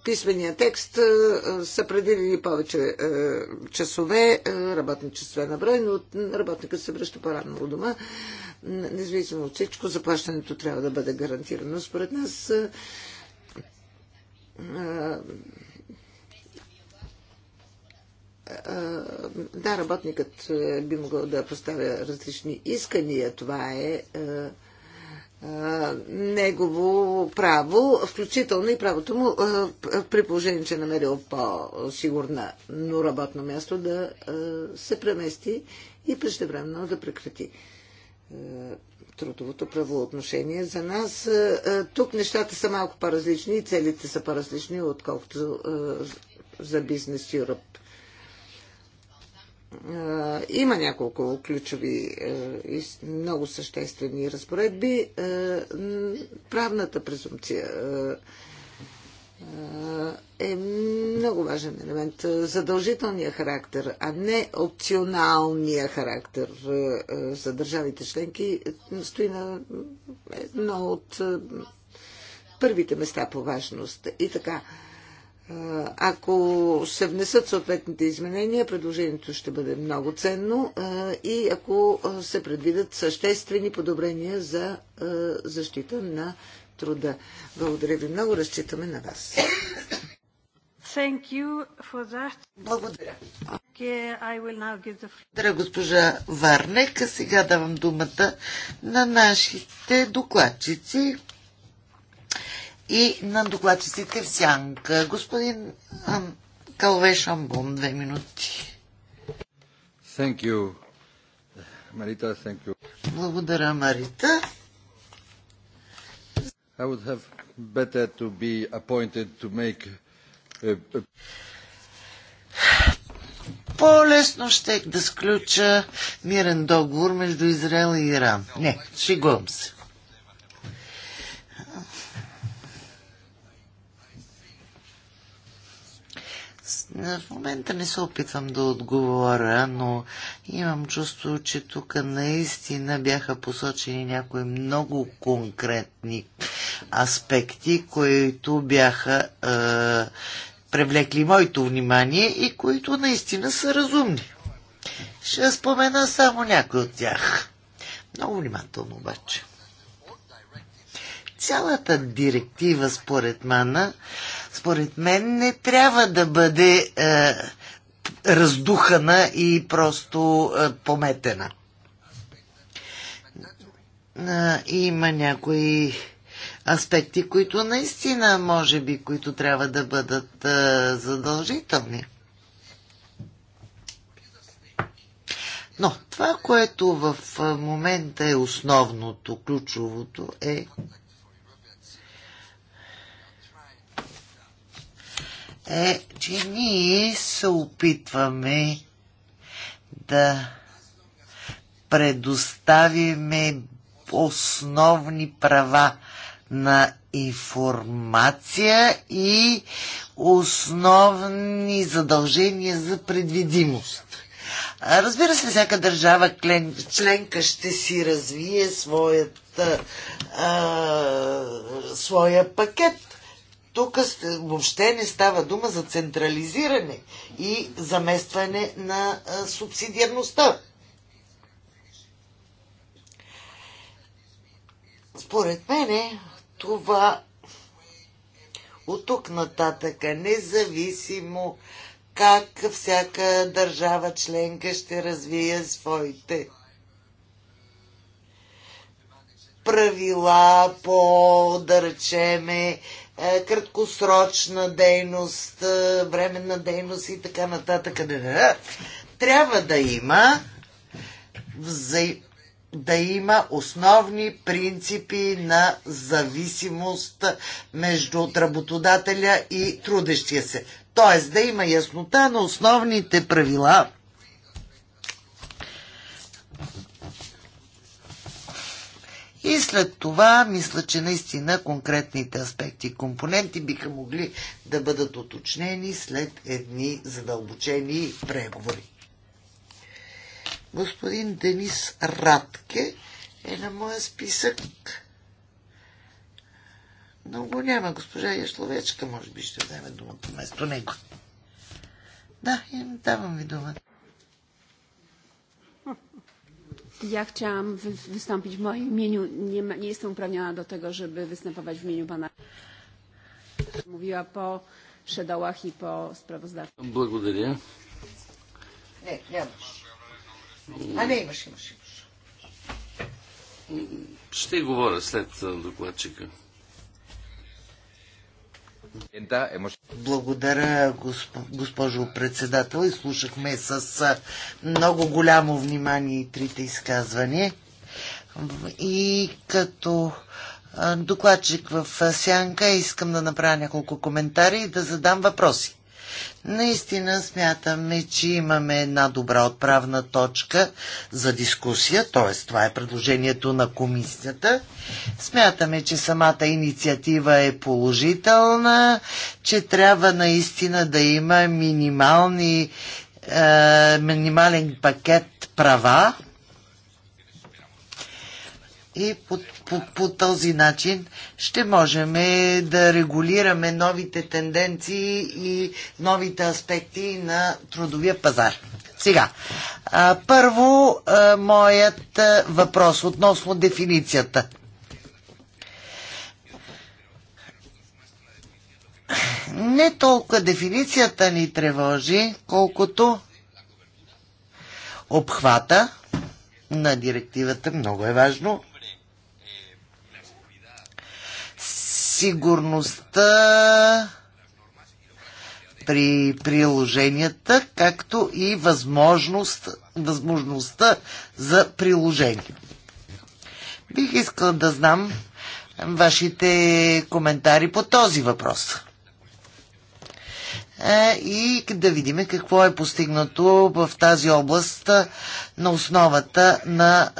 S3: писмения текст са предвидени повече часове, работни часове на брой, но работникът се връща по-рано у дома. Независимо от всичко, заплащането трябва да бъде гарантирано. Според нас да, работникът е, би могъл да поставя различни искания. Това е, е, е негово право, включително и правото му при положение, че е намерил по-сигурно работно място да се премести и преждевременно да прекрати трудовото правоотношение. За нас тук нещата са малко по-различни и целите са по-различни, отколкото за бизнес Europe има няколко ключови е, и много съществени разпоредби. Е, правната презумпция е, е много важен елемент. Задължителния характер, а не опционалния характер за държавите членки стои на едно от първите места по важност. И така, ако се внесат съответните изменения, предложението ще бъде много ценно и ако се предвидят съществени подобрения за защита на труда. Благодаря ви много, разчитаме на вас.
S2: Thank you for that. Благодаря. Okay, I will now give the...
S1: Благодаря, госпожа Варнека. Сега давам думата на нашите докладчици и на докладчиците в сянка. Господин Калве Шамбон, две
S4: минути. Thank you. Марита, thank you.
S1: Благодаря, Марита.
S4: I would have better to be appointed to make
S1: По-лесно ще да сключа мирен договор между Израел и Иран. Не, шигувам се. В момента не се опитвам да отговоря, но имам чувство, че тук наистина бяха посочени някои много конкретни аспекти, които бяха е, привлекли моето внимание и които наистина са разумни. Ще спомена само някой от тях. Много внимателно обаче. Цялата директива, според мана, според мен не трябва да бъде е, раздухана и просто е, пометена. Е, има някои аспекти, които наистина, може би, които трябва да бъдат е, задължителни. Но това, което в момента е основното, ключовото е е, че ние се опитваме да предоставиме основни права на информация и основни задължения за предвидимост. Разбира се, всяка държава членка ще си развие своята, а, своя пакет тук въобще не става дума за централизиране и заместване на субсидиарността. Според мене това от тук нататъка, е независимо как всяка държава членка ще развие своите правила по, да речеме, е, краткосрочна дейност, е, временна дейност и така нататък. Трябва да има да има основни принципи на зависимост между работодателя и трудещия се. Тоест да има яснота на основните правила И след това, мисля, че наистина конкретните аспекти и компоненти биха могли да бъдат уточнени след едни задълбочени преговори. Господин Денис Радке е на моя списък. Но го няма. Госпожа Яшловечка, може би, ще вземе думата вместо него. Да, давам ви думата.
S2: Ja chciałam wy wystąpić w moim imieniu. Nie, nie jestem uprawniona do tego, żeby występować w imieniu pana.
S3: Mówiła po szedołach i po sprawozdawcy.
S4: Благодаря.
S3: Не, нямаш. А nie, имаш, имаш, имаш.
S4: Ще след докладчика.
S1: Благодаря, госпожо председател. Изслушахме с много голямо внимание и трите изказвания. И като докладчик в Сянка искам да направя няколко коментари и да задам въпроси. Наистина смятаме, че имаме една добра отправна точка за дискусия, т.е. това е предложението на комисията. Смятаме, че самата инициатива е положителна, че трябва наистина да има минимални, е, минимален пакет права, и по, по, по този начин ще можем е, да регулираме новите тенденции и новите аспекти на трудовия пазар. Сега, а, първо а, моят а, въпрос относно дефиницията. Не толкова дефиницията ни тревожи, колкото обхвата на директивата. Много е важно сигурността при приложенията, както и възможност, възможността за приложение. Бих искал да знам вашите коментари по този въпрос. Е, и да видим какво е постигнато в тази област е, на основата на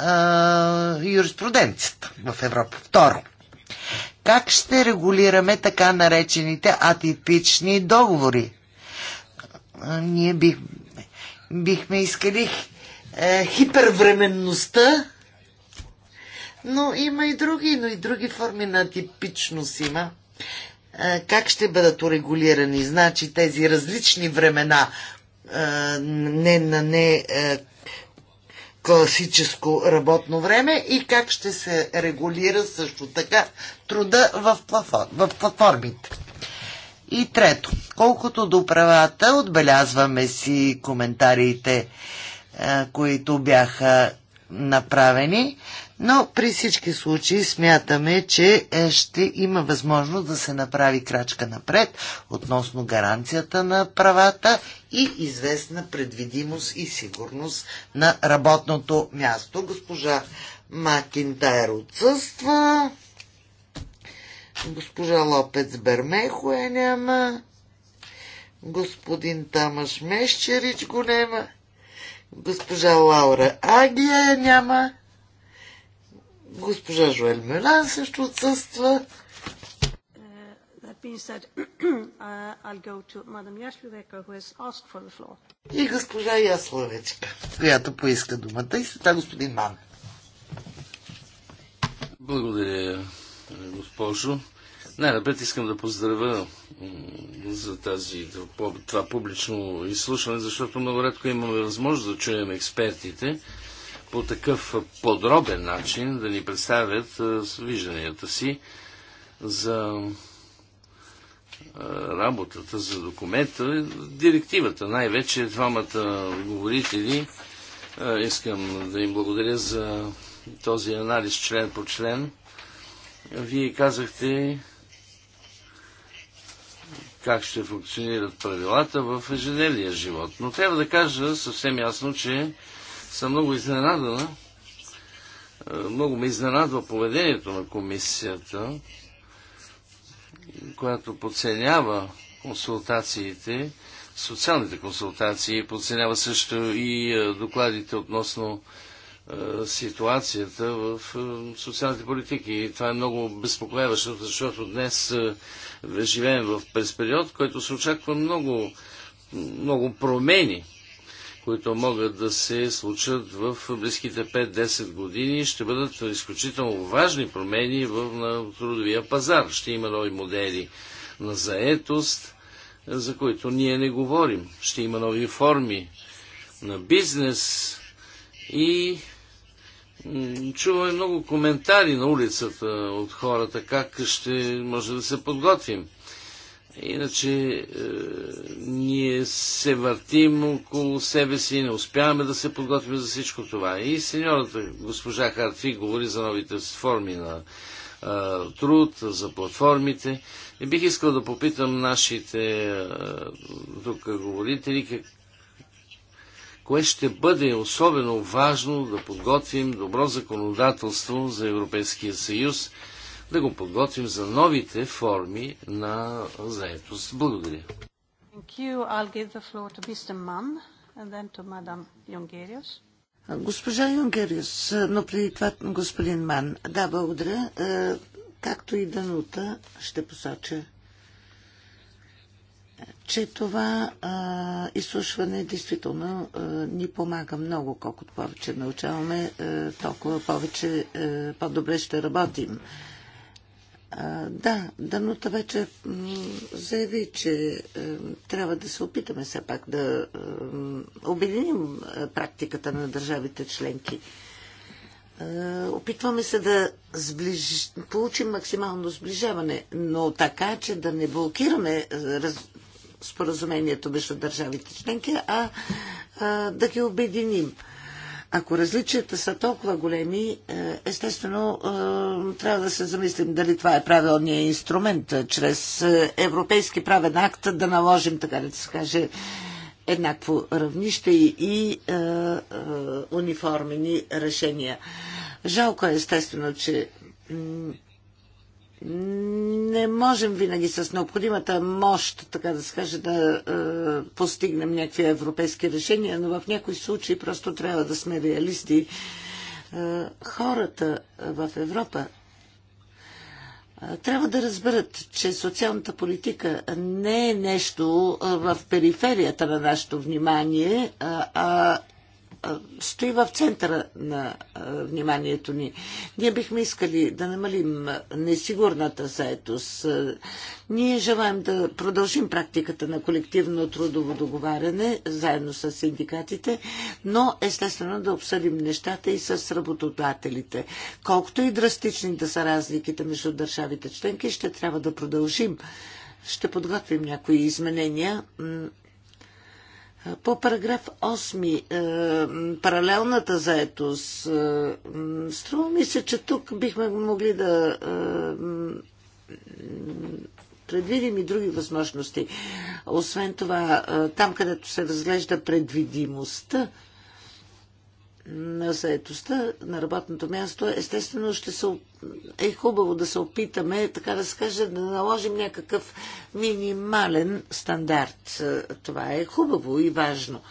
S1: е, юриспруденцията в Европа. Второ, как ще регулираме така наречените атипични договори? Ние бих, бихме искали е, хипервременността, но има и други, но и други форми на атипичност има. Е, как ще бъдат урегулирани, значи, тези различни времена, е, не на не е, класическо работно време и как ще се регулира също така труда в, в платформите. И трето, колкото до правата, отбелязваме си коментарите, които бяха направени. Но при всички случаи смятаме, че е, ще има възможност да се направи крачка напред относно гаранцията на правата и известна предвидимост и сигурност на работното място. Госпожа Макинтайр отсъства. Госпожа Лопец Бермехо е няма. Господин Тамаш Мещерич го няма. Госпожа Лаура Агия е няма. Госпожа Жоел Мелан също отсъства. [clears throat] И госпожа Ясловечка, която поиска думата. И сега господин Ман.
S4: Благодаря, госпожо. Най-напред искам да поздравя за тази, това публично изслушване, защото много редко имаме възможност да чуем експертите по такъв подробен начин да ни представят вижданията си за работата, за документа, директивата. Най-вече двамата говорители искам да им благодаря за този анализ член по член. Вие казахте как ще функционират правилата в ежедневния живот. Но трябва да кажа съвсем ясно, че съм много изненадана. Е, много ме изненадва поведението на комисията, която подценява консултациите, социалните консултации, подценява също и е, докладите относно е, ситуацията в социалните политики. И това е много безпокояващо, защото днес живеем в през период, който се очаква много, много промени които могат да се случат в близките 5-10 години, ще бъдат изключително важни промени в, на трудовия пазар. Ще има нови модели на заетост, за които ние не говорим. Ще има нови форми на бизнес и чуваме много коментари на улицата от хората, как ще може да се подготвим. Иначе е, ние се въртим около себе си, не успяваме да се подготвим за всичко това. И сеньората госпожа Хартви говори за новите форми на е, труд, за платформите. И бих искал да попитам нашите е, тук говорители, как, кое ще бъде особено важно да подготвим добро законодателство за Европейския съюз – да го подготвим за новите форми на заетост. Благодаря.
S3: Госпожа Юнгериус, но преди това господин Ман. Да, благодаря. Както и Данута ще посоча, че това а, изслушване действително а, ни помага много. Колкото повече научаваме, а, толкова повече а, по-добре ще работим. А, да, Данута вече заяви, че е, трябва да се опитаме все пак да е, обединим е, практиката на държавите членки. опитваме се да сближ... получим максимално сближаване, но така, че да не блокираме раз... споразумението между държавите членки, а да ги обединим. Ако различията са толкова големи, е, естествено е, трябва да се замислим дали това е правилният инструмент, е, чрез европейски правен акт да наложим, така да се каже, еднакво равнище и, и е, е, униформени решения. Жалко е естествено, че не можем винаги с необходимата мощ, така да се каже, да е, постигнем някакви европейски решения, но в някои случаи просто трябва да сме реалисти. Е, хората в Европа е, трябва да разберат, че социалната политика не е нещо е, в периферията на нашето внимание, е, а стои в центъра на вниманието ни. Ние бихме искали да намалим несигурната заетост. Ние желаем да продължим практиката на колективно трудово договаряне заедно с синдикатите, но естествено да обсъдим нещата и с работодателите. Колкото и драстични да са разликите между държавите членки, ще трябва да продължим ще подготвим някои изменения по параграф 8, е, паралелната заетост, е, струва ми се, че тук бихме могли да е, предвидим и други възможности. Освен това, там, където се разглежда предвидимостта на заетостта на работното място, естествено ще се, е хубаво да се опитаме, така да се каже, да наложим някакъв минимален стандарт. Е, това е хубаво и важно.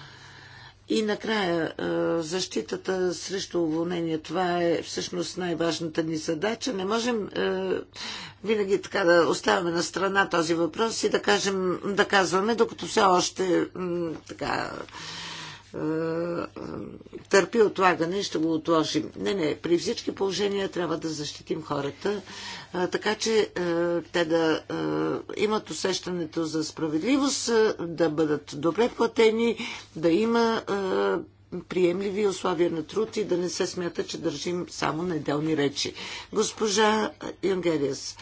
S3: И накрая, е, защитата срещу уволнение, това е всъщност най-важната ни задача. Не можем е, винаги така да оставяме на страна този въпрос и да, кажем, да казваме, докато все още така е, е, търпи отлагане и ще го отложим. Не, не, при всички положения трябва да защитим хората, е, така че те да имат усещането за справедливост, да бъдат добре платени, да има приемливи условия на труд и да не се смята, че държим само неделни речи. Госпожа Юнгериас,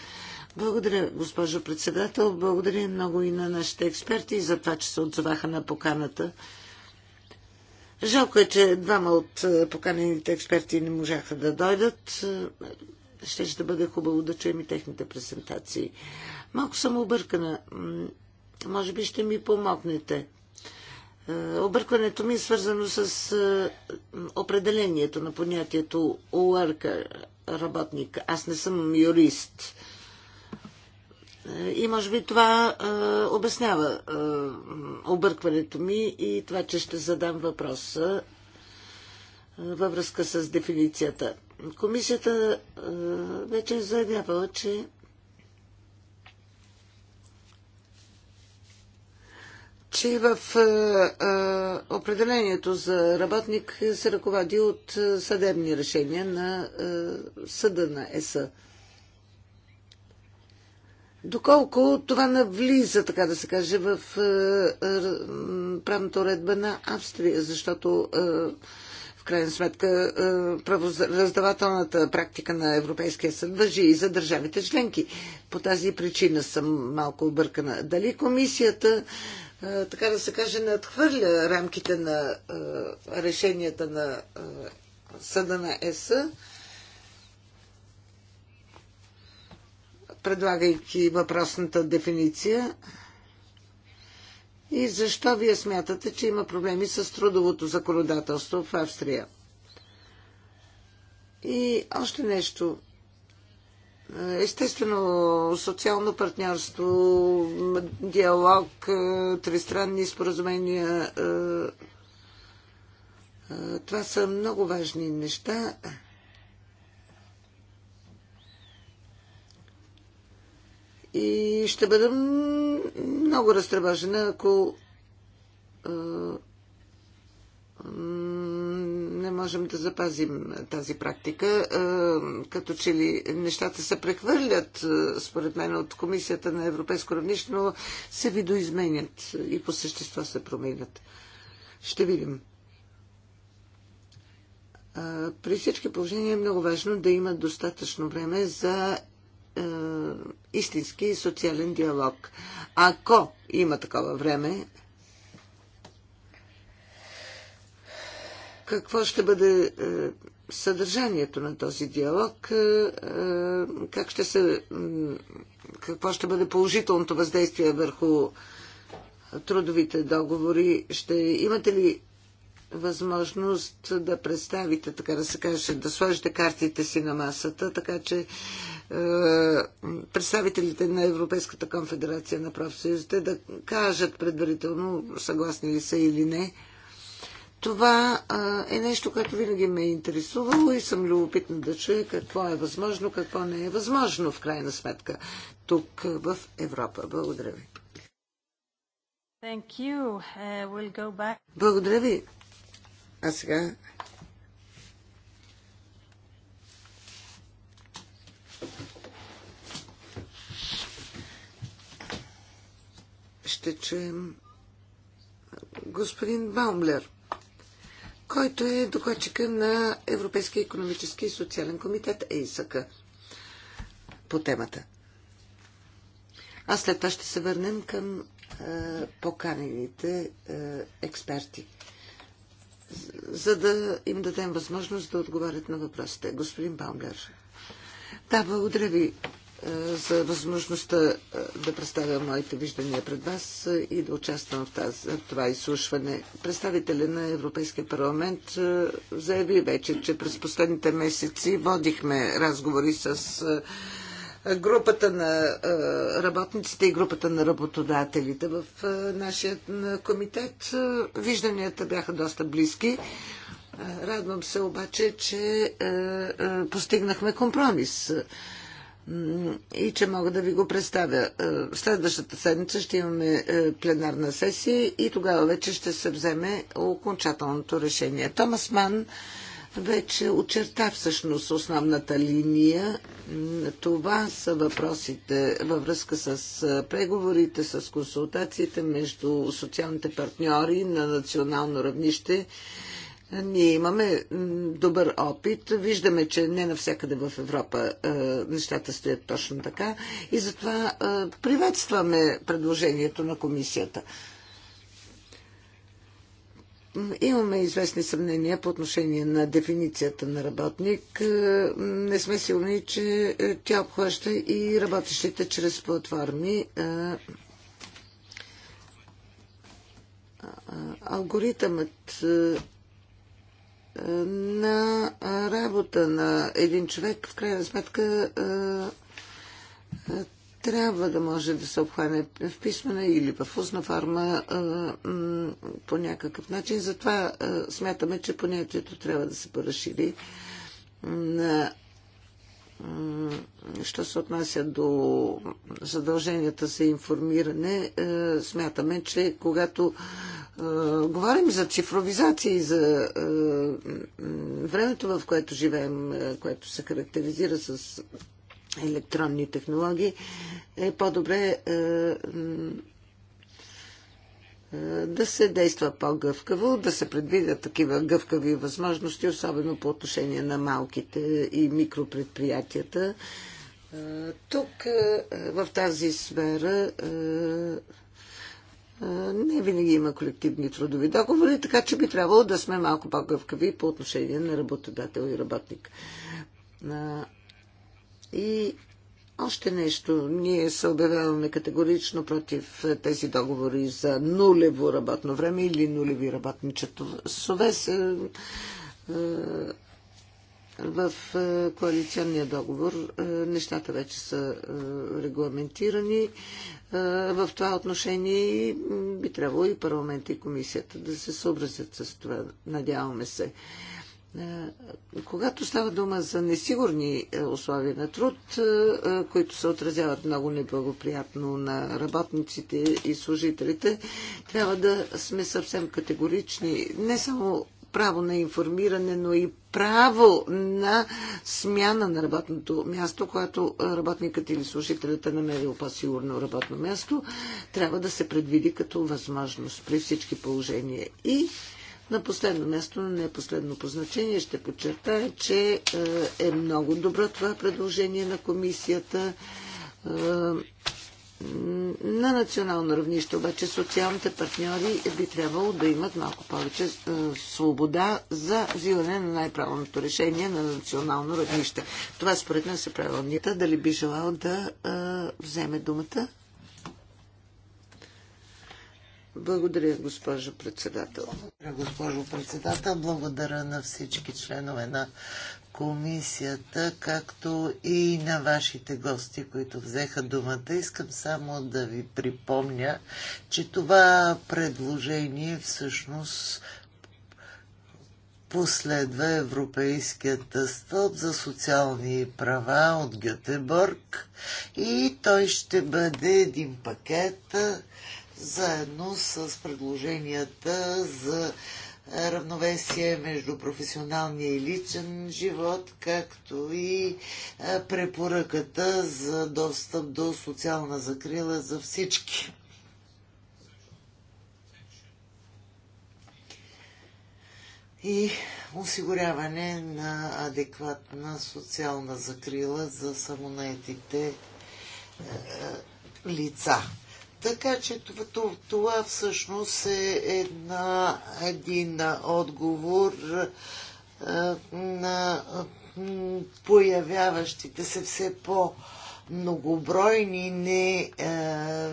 S3: благодаря, госпожо председател. Благодаря много и на нашите експерти за това, че се отзоваха на поканата. Жалко е, че двама от е, поканените експерти не можаха да дойдат. Ще ще бъде хубаво да чуем и техните презентации. Малко съм объркана. Може би ще ми помогнете. Е, объркването ми е свързано с е, определението на понятието worker, работник. Аз не съм юрист. И може би това а, обяснява а, объркването ми и това, че ще задам въпроса а, във връзка с дефиницията. Комисията а, вече е заявявала, че че в а, а, определението за работник се ръководи от съдебни решения на а, съда на ЕСА. Доколко това навлиза, така да се каже, в е, е, правната уредба на Австрия, защото е, в крайна сметка правораздавателната практика на Европейския съд въжи и за държавите членки. По тази причина съм малко объркана. Дали комисията, така да се каже, надхвърля рамките на решенията на съда на ЕСА? предлагайки въпросната дефиниция? И защо вие смятате, че има проблеми с трудовото законодателство в Австрия? И още нещо. Естествено, социално партньорство, диалог, е, тристранни споразумения, е, е, това са много важни неща. И ще бъда много разтревожена, ако не можем да запазим тази практика. Като че ли нещата се прехвърлят, според мен, от Комисията на Европейско равнище, но се видоизменят и по същество се променят. Ще видим. При всички положения е много важно да има достатъчно време за е, истински социален диалог. Ако има такова време, какво ще бъде е, съдържанието на този диалог, е, как ще се, какво ще бъде положителното въздействие върху трудовите договори, ще имате ли възможност да представите, така да се каже, да сложите картите си на масата, така че е, представителите на Европейската конфедерация на профсъюзите да кажат предварително съгласни ли са или не. Това е, е нещо, което винаги ме е интересувало и съм любопитна да чуя какво е възможно, какво не е възможно в крайна сметка тук е, в Европа. Благодаря ви.
S2: Uh,
S3: Благодаря ви. А сега Ще чуем господин Баумлер, който е докладчика на Европейския економически и социален комитет ЕИСАК по темата. А след това ще се върнем към е, поканените е, експерти, за да им дадем възможност да отговарят на въпросите. Господин Баумлер, да, благодаря ви е, за възможността е, да представя моите виждания пред вас е, и да участвам в, тази, в това изслушване. Представителя на Европейския парламент заяви вече, че през последните месеци водихме разговори с групата на работниците и групата на работодателите в нашия комитет. Вижданията бяха доста близки. Радвам се обаче, че е, е, постигнахме компромис и че мога да ви го представя. Е, следващата седмица ще имаме пленарна сесия и тогава вече ще се вземе окончателното решение. Томас Ман вече очерта всъщност основната линия. Това са въпросите във връзка с преговорите, с консултациите между социалните партньори на национално равнище ние имаме добър опит. Виждаме, че не навсякъде в Европа е, нещата стоят точно така. И затова е, приветстваме предложението на комисията. Имаме известни съмнения по отношение на дефиницията на работник. Е, не сме сигурни, че е, тя обхваща и работещите чрез платформи. Е, алгоритъмът на работа на един човек, в крайна сметка, е, е, трябва да може да се обхване в писмена или в устна форма е, по някакъв начин. Затова смятаме, че понятието трябва да се поразшири. Що се отнася до задълженията за информиране, смятаме, че когато е, говорим за цифровизация и за е, времето, в което живеем, е, което се характеризира с електронни технологии, е по-добре да се действа по-гъвкаво, да се предвидят такива гъвкави възможности, особено по отношение на малките и микропредприятията. Тук в тази сфера е, не винаги има колективни трудови договори, така че би трябвало да сме малко по-гъвкави по отношение на работодател и работник. Е, и още нещо. Ние се обявяваме категорично против тези договори за нулево работно време или нулеви работни часове. Е, в е, коалиционния договор е, нещата вече са е, регламентирани. В това отношение би трябвало и парламент и комисията да се съобразят с това. Надяваме се. Когато става дума за несигурни условия на труд, които се отразяват много неблагоприятно на работниците и служителите, трябва да сме съвсем категорични не само право на информиране, но и право на смяна на работното място, което работникът или служителят е намерил по-сигурно работно място, трябва да се предвиди като възможност при всички положения. И на последно място, но не е последно по значение, ще подчертая, че е, е много добро това предложение на комисията е, на национално равнище обаче социалните партньори би трябвало да имат малко повече е, свобода за взимане на най-правилното решение на национално равнище. Това според нас е правилнията. Дали би желал да е, вземе думата? Благодаря, госпожо председател. Госпожо
S1: председател, благодаря на всички членове на комисията, както и на вашите гости, които взеха думата. Искам само да ви припомня, че това предложение всъщност последва Европейският стълб за социални права от Гетеборг и той ще бъде един пакет заедно с предложенията за равновесие между професионалния и личен живот, както и препоръката за достъп до социална закрила за всички. И осигуряване на адекватна социална закрила за самонаетите лица. Така че това, това всъщност е една, един отговор а, на появяващите се все по-многобройни не а,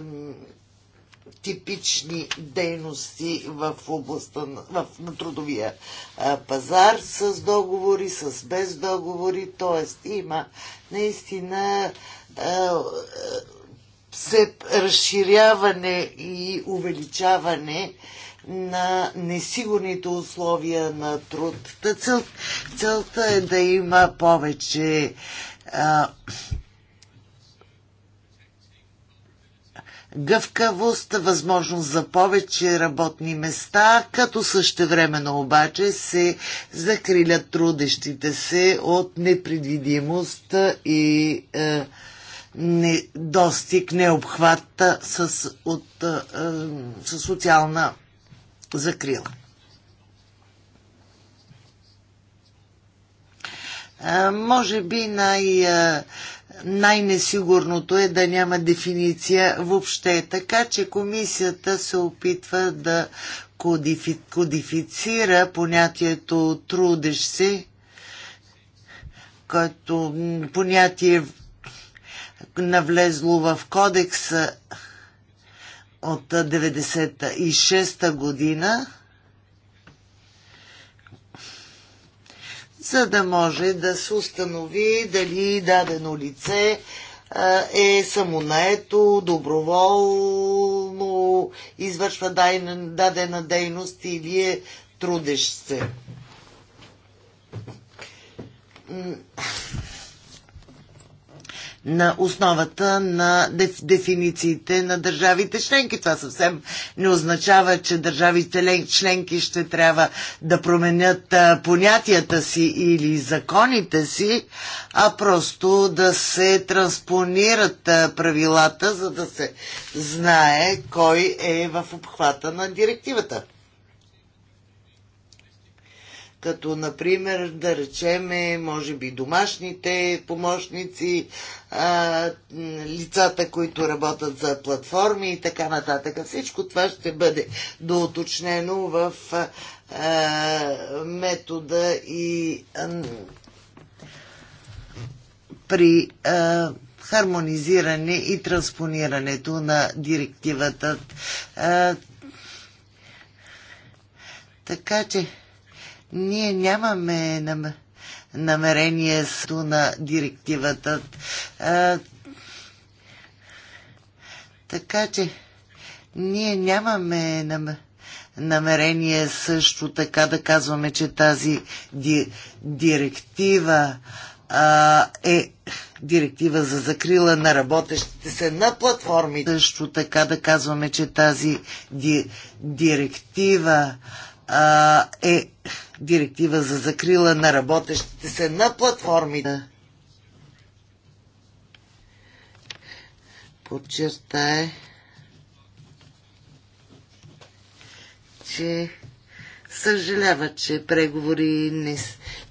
S1: типични дейности в областта на, в, на трудовия а, пазар с договори, с без договори, т.е. има наистина а, се разширяване и увеличаване на несигурните условия на труд. Цел, целта е да има повече а, гъвкавост, възможност за повече работни места, като същевременно обаче се закрилят трудещите се от непредвидимост и а, е, недостиг, необхват с, от, е, с социална закрила. Е, може би най- е, най-несигурното е да няма дефиниция въобще. Така че комисията се опитва да кодифи, кодифицира понятието трудещ се, което понятие навлезло в кодекса от 96-та година, за да може да се установи дали дадено лице е самонаето, доброволно извършва дадена дейност или е трудещ се на основата на дефинициите на държавите членки. Това съвсем не означава, че държавите членки ще трябва да променят понятията си или законите си, а просто да се транспонират правилата, за да се знае кой е в обхвата на директивата като например, да речеме, може би домашните помощници, а, лицата, които работят за платформи и така нататък. Всичко това ще бъде доуточнено в а, метода и а, при а, хармонизиране и транспонирането на директивата. А, така че ние нямаме намерение на директивата. А, така че ние нямаме намерение намерение също така да казваме, че тази ди, директива а, е директива за закрила на работещите се на платформи. Също така да казваме, че тази ди, директива а, е директива за закрила на работещите се на платформите. Подчертае, че съжалява, че преговори не,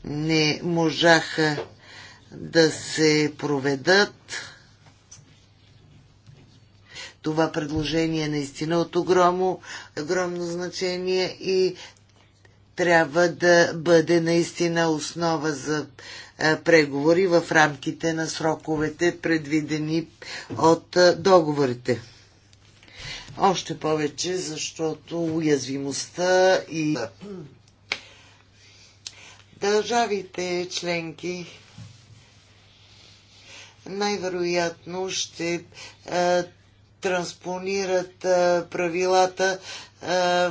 S1: не можаха да се проведат. Това предложение е наистина от огромно, огромно значение и трябва да бъде наистина основа за е, преговори в рамките на сроковете, предвидени от е, договорите. Още повече, защото уязвимостта и държавите членки най-вероятно ще е, транспонират правилата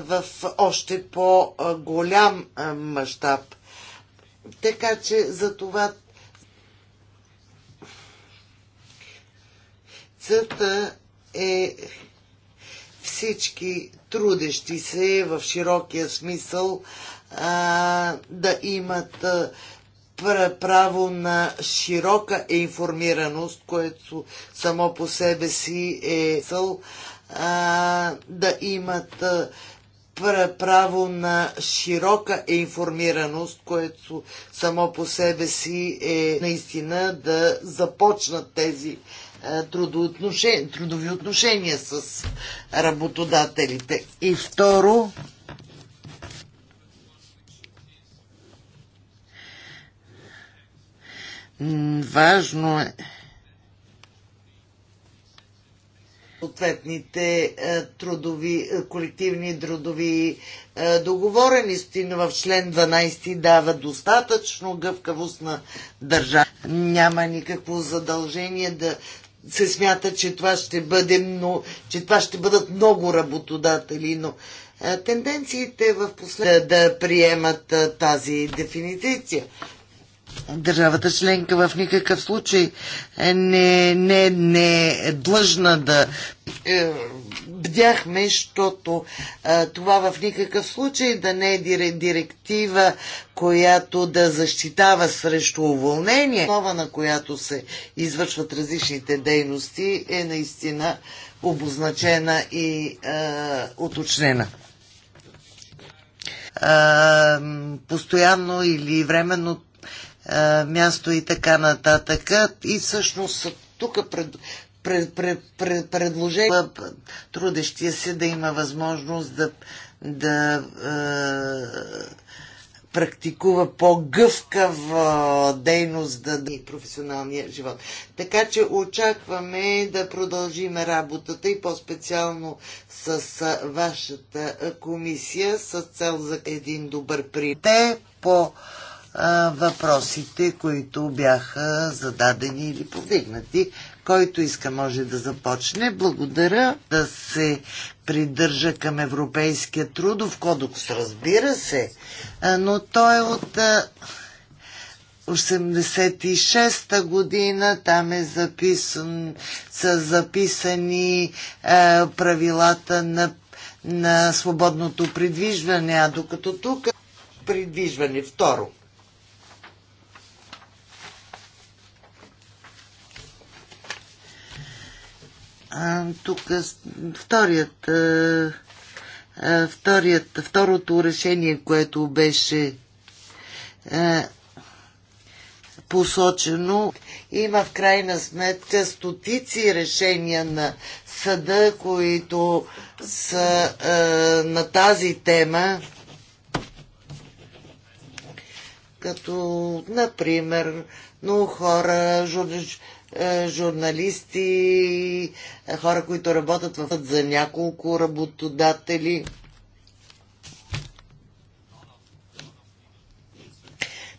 S1: в още по-голям мащаб. Така че за това целта е всички трудещи се в широкия смисъл а, да имат а, право на широка информираност, което само по себе си е цел да имат право на широка информираност, което само по себе си е наистина да започнат тези трудови отношения с работодателите. И второ, Важно е съответните е, трудови, е, колективни трудови е, договорености в член 12 дава достатъчно гъвкавост на държава. Няма никакво задължение да се смята, че това ще бъде но, че това ще бъдат много работодатели, но тенденциите в последната да приемат тази дефиниция държавата членка в никакъв случай не, не, не е длъжна да е, бдяхме, защото е, това в никакъв случай да не е директива, която да защитава срещу уволнение, основа на която се извършват различните дейности, е наистина обозначена и е, уточнена е, постоянно или временно е, място и така нататък. И всъщност тук пред, пред, пред, пред, предложение трудещия се да има възможност да, да е, практикува по-гъвкава е, дейност да, да и професионалния живот. Така че очакваме да продължиме работата и по-специално с е, вашата комисия с цел за един добър приоритет по въпросите, които бяха зададени или повдигнати. Който иска може да започне. Благодаря да се придържа към Европейския трудов кодекс, разбира се, но той е от 86-та година, там е записан, са записани е, правилата на, на свободното придвижване, а докато тук е придвижване. Второ, тук вторият, вторият, второто решение, което беше посочено. Има в крайна сметка стотици решения на съда, които са на тази тема, като, например, но хора, журналисти, е, журналисти, е, хора, които работят в за няколко работодатели.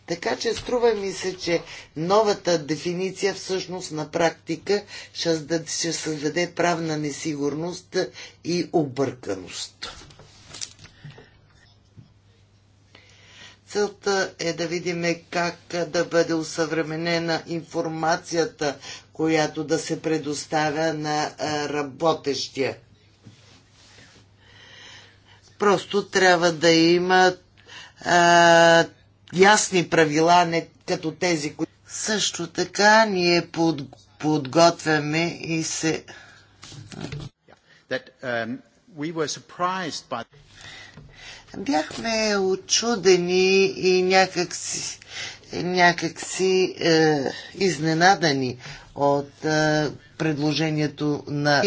S1: Така че струва ми се, че новата дефиниция всъщност на практика ще създаде правна несигурност и обърканост. Целта е да видим как да бъде усъвременена информацията, която да се предоставя на работещия. Просто трябва да има а, ясни правила, не като тези, които. Също така ние под, подготвяме и се.
S2: That, um,
S1: Бяхме очудени и някакси, някакси е, изненадани от е, предложението на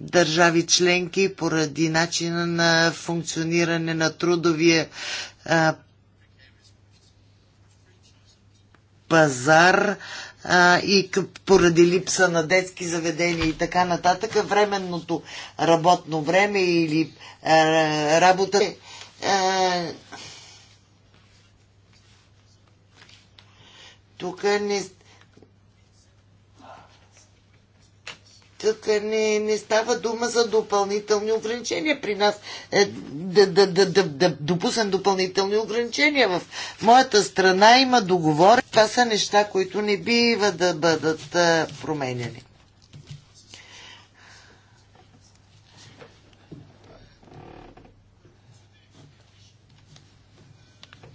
S1: държави членки поради начина на функциониране на трудовия е, пазар. Е, и поради липса на детски заведения и така нататък, временното работно време или работа е, тук не, тук не, не става дума за допълнителни ограничения при нас. Е, да, да, да, да, да допуснем допълнителни ограничения. В моята страна има договор. Това са неща, които не бива да бъдат а, е, променени.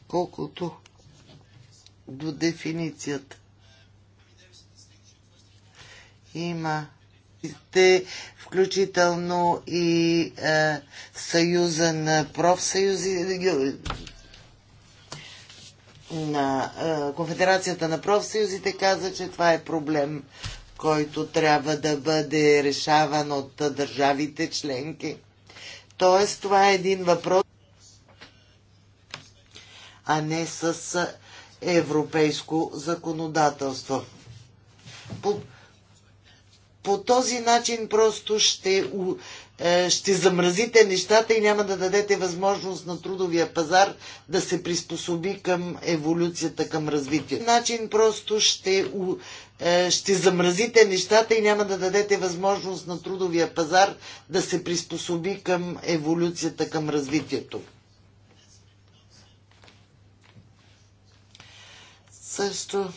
S1: Колкото до дефиницията. Има сте, включително и е, Съюза на профсъюзи, на е, Конфедерацията на профсъюзите каза, че това е проблем, който трябва да бъде решаван от държавите членки. Тоест, това е един въпрос, а не с европейско законодателство по този начин просто ще, е, ще замразите нещата и няма да дадете възможност на трудовия пазар да се приспособи към еволюцията, към развитието. начин просто ще, е, ще замразите нещата и няма да дадете възможност на трудовия пазар да се приспособи към еволюцията, към развитието. Също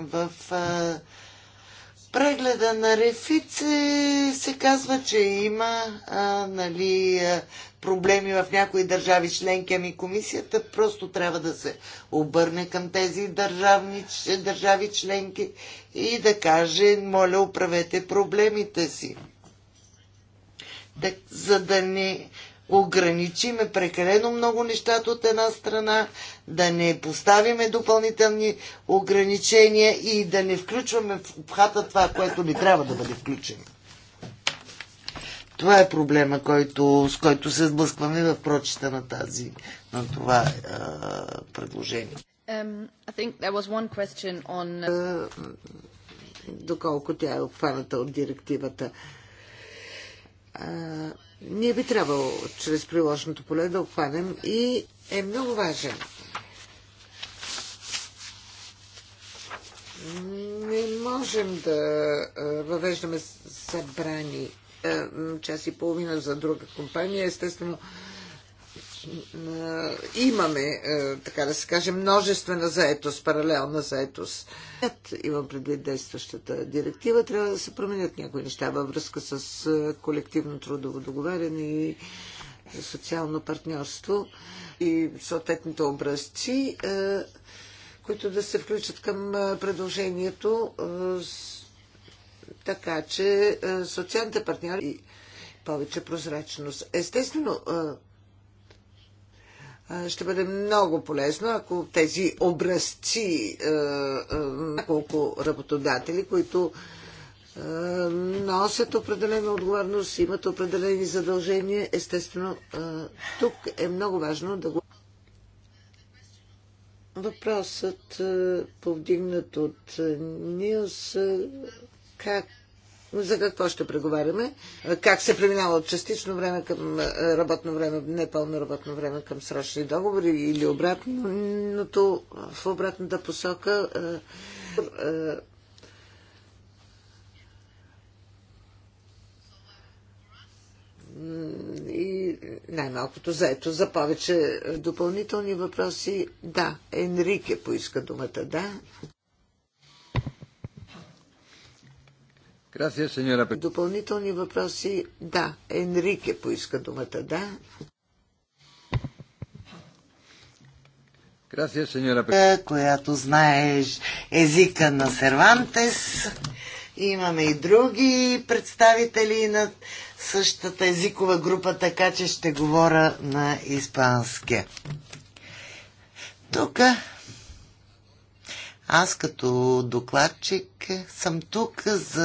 S1: В а, прегледа на Рефит се, се казва, че има а, нали, а, проблеми в някои държави членки, ами комисията просто трябва да се обърне към тези държавни, държави членки и да каже, моля, управете проблемите си. Так, за да не ограничиме прекалено много нещата от една страна, да не поставиме допълнителни ограничения и да не включваме в обхата това, което ни трябва да бъде включено. Това е проблема, който, с който се сблъскваме в прочета на, тази, на това е, предложение.
S2: Um, I think there was one question
S3: on... Uh, доколко тя е обхваната от директивата. Uh, ние би трябвало чрез приложното поле да обхванем и е много важен. Не можем да въвеждаме събрани час и половина за друга компания. Естествено, имаме, така да се каже, множествена заетост, паралелна заетост. Имам предвид действащата директива, трябва да се променят някои неща във връзка с колективно трудово договаряне и социално партньорство и съответните образци, които да се включат към предложението, така че социалните партньори и повече прозрачност. Естествено, ще бъде много полезно, ако тези образци, няколко работодатели, които носят определена отговорност, имат определени задължения, естествено, тук е много важно да го. Въпросът, повдигнат от Нилс, как за какво ще преговаряме, как се преминава от частично време към работно време, непълно работно време към срочни договори или обратното, в обратната посока. и най-малкото заето за повече допълнителни въпроси. Да, Енрике поиска думата, да. Допълнителни въпроси? Да. Енрике поиска думата. Да.
S1: Е, която знаеш езика на Сервантес. Имаме и други представители на същата езикова група, така че ще говоря на испанския. Тук аз като докладчик съм тук, за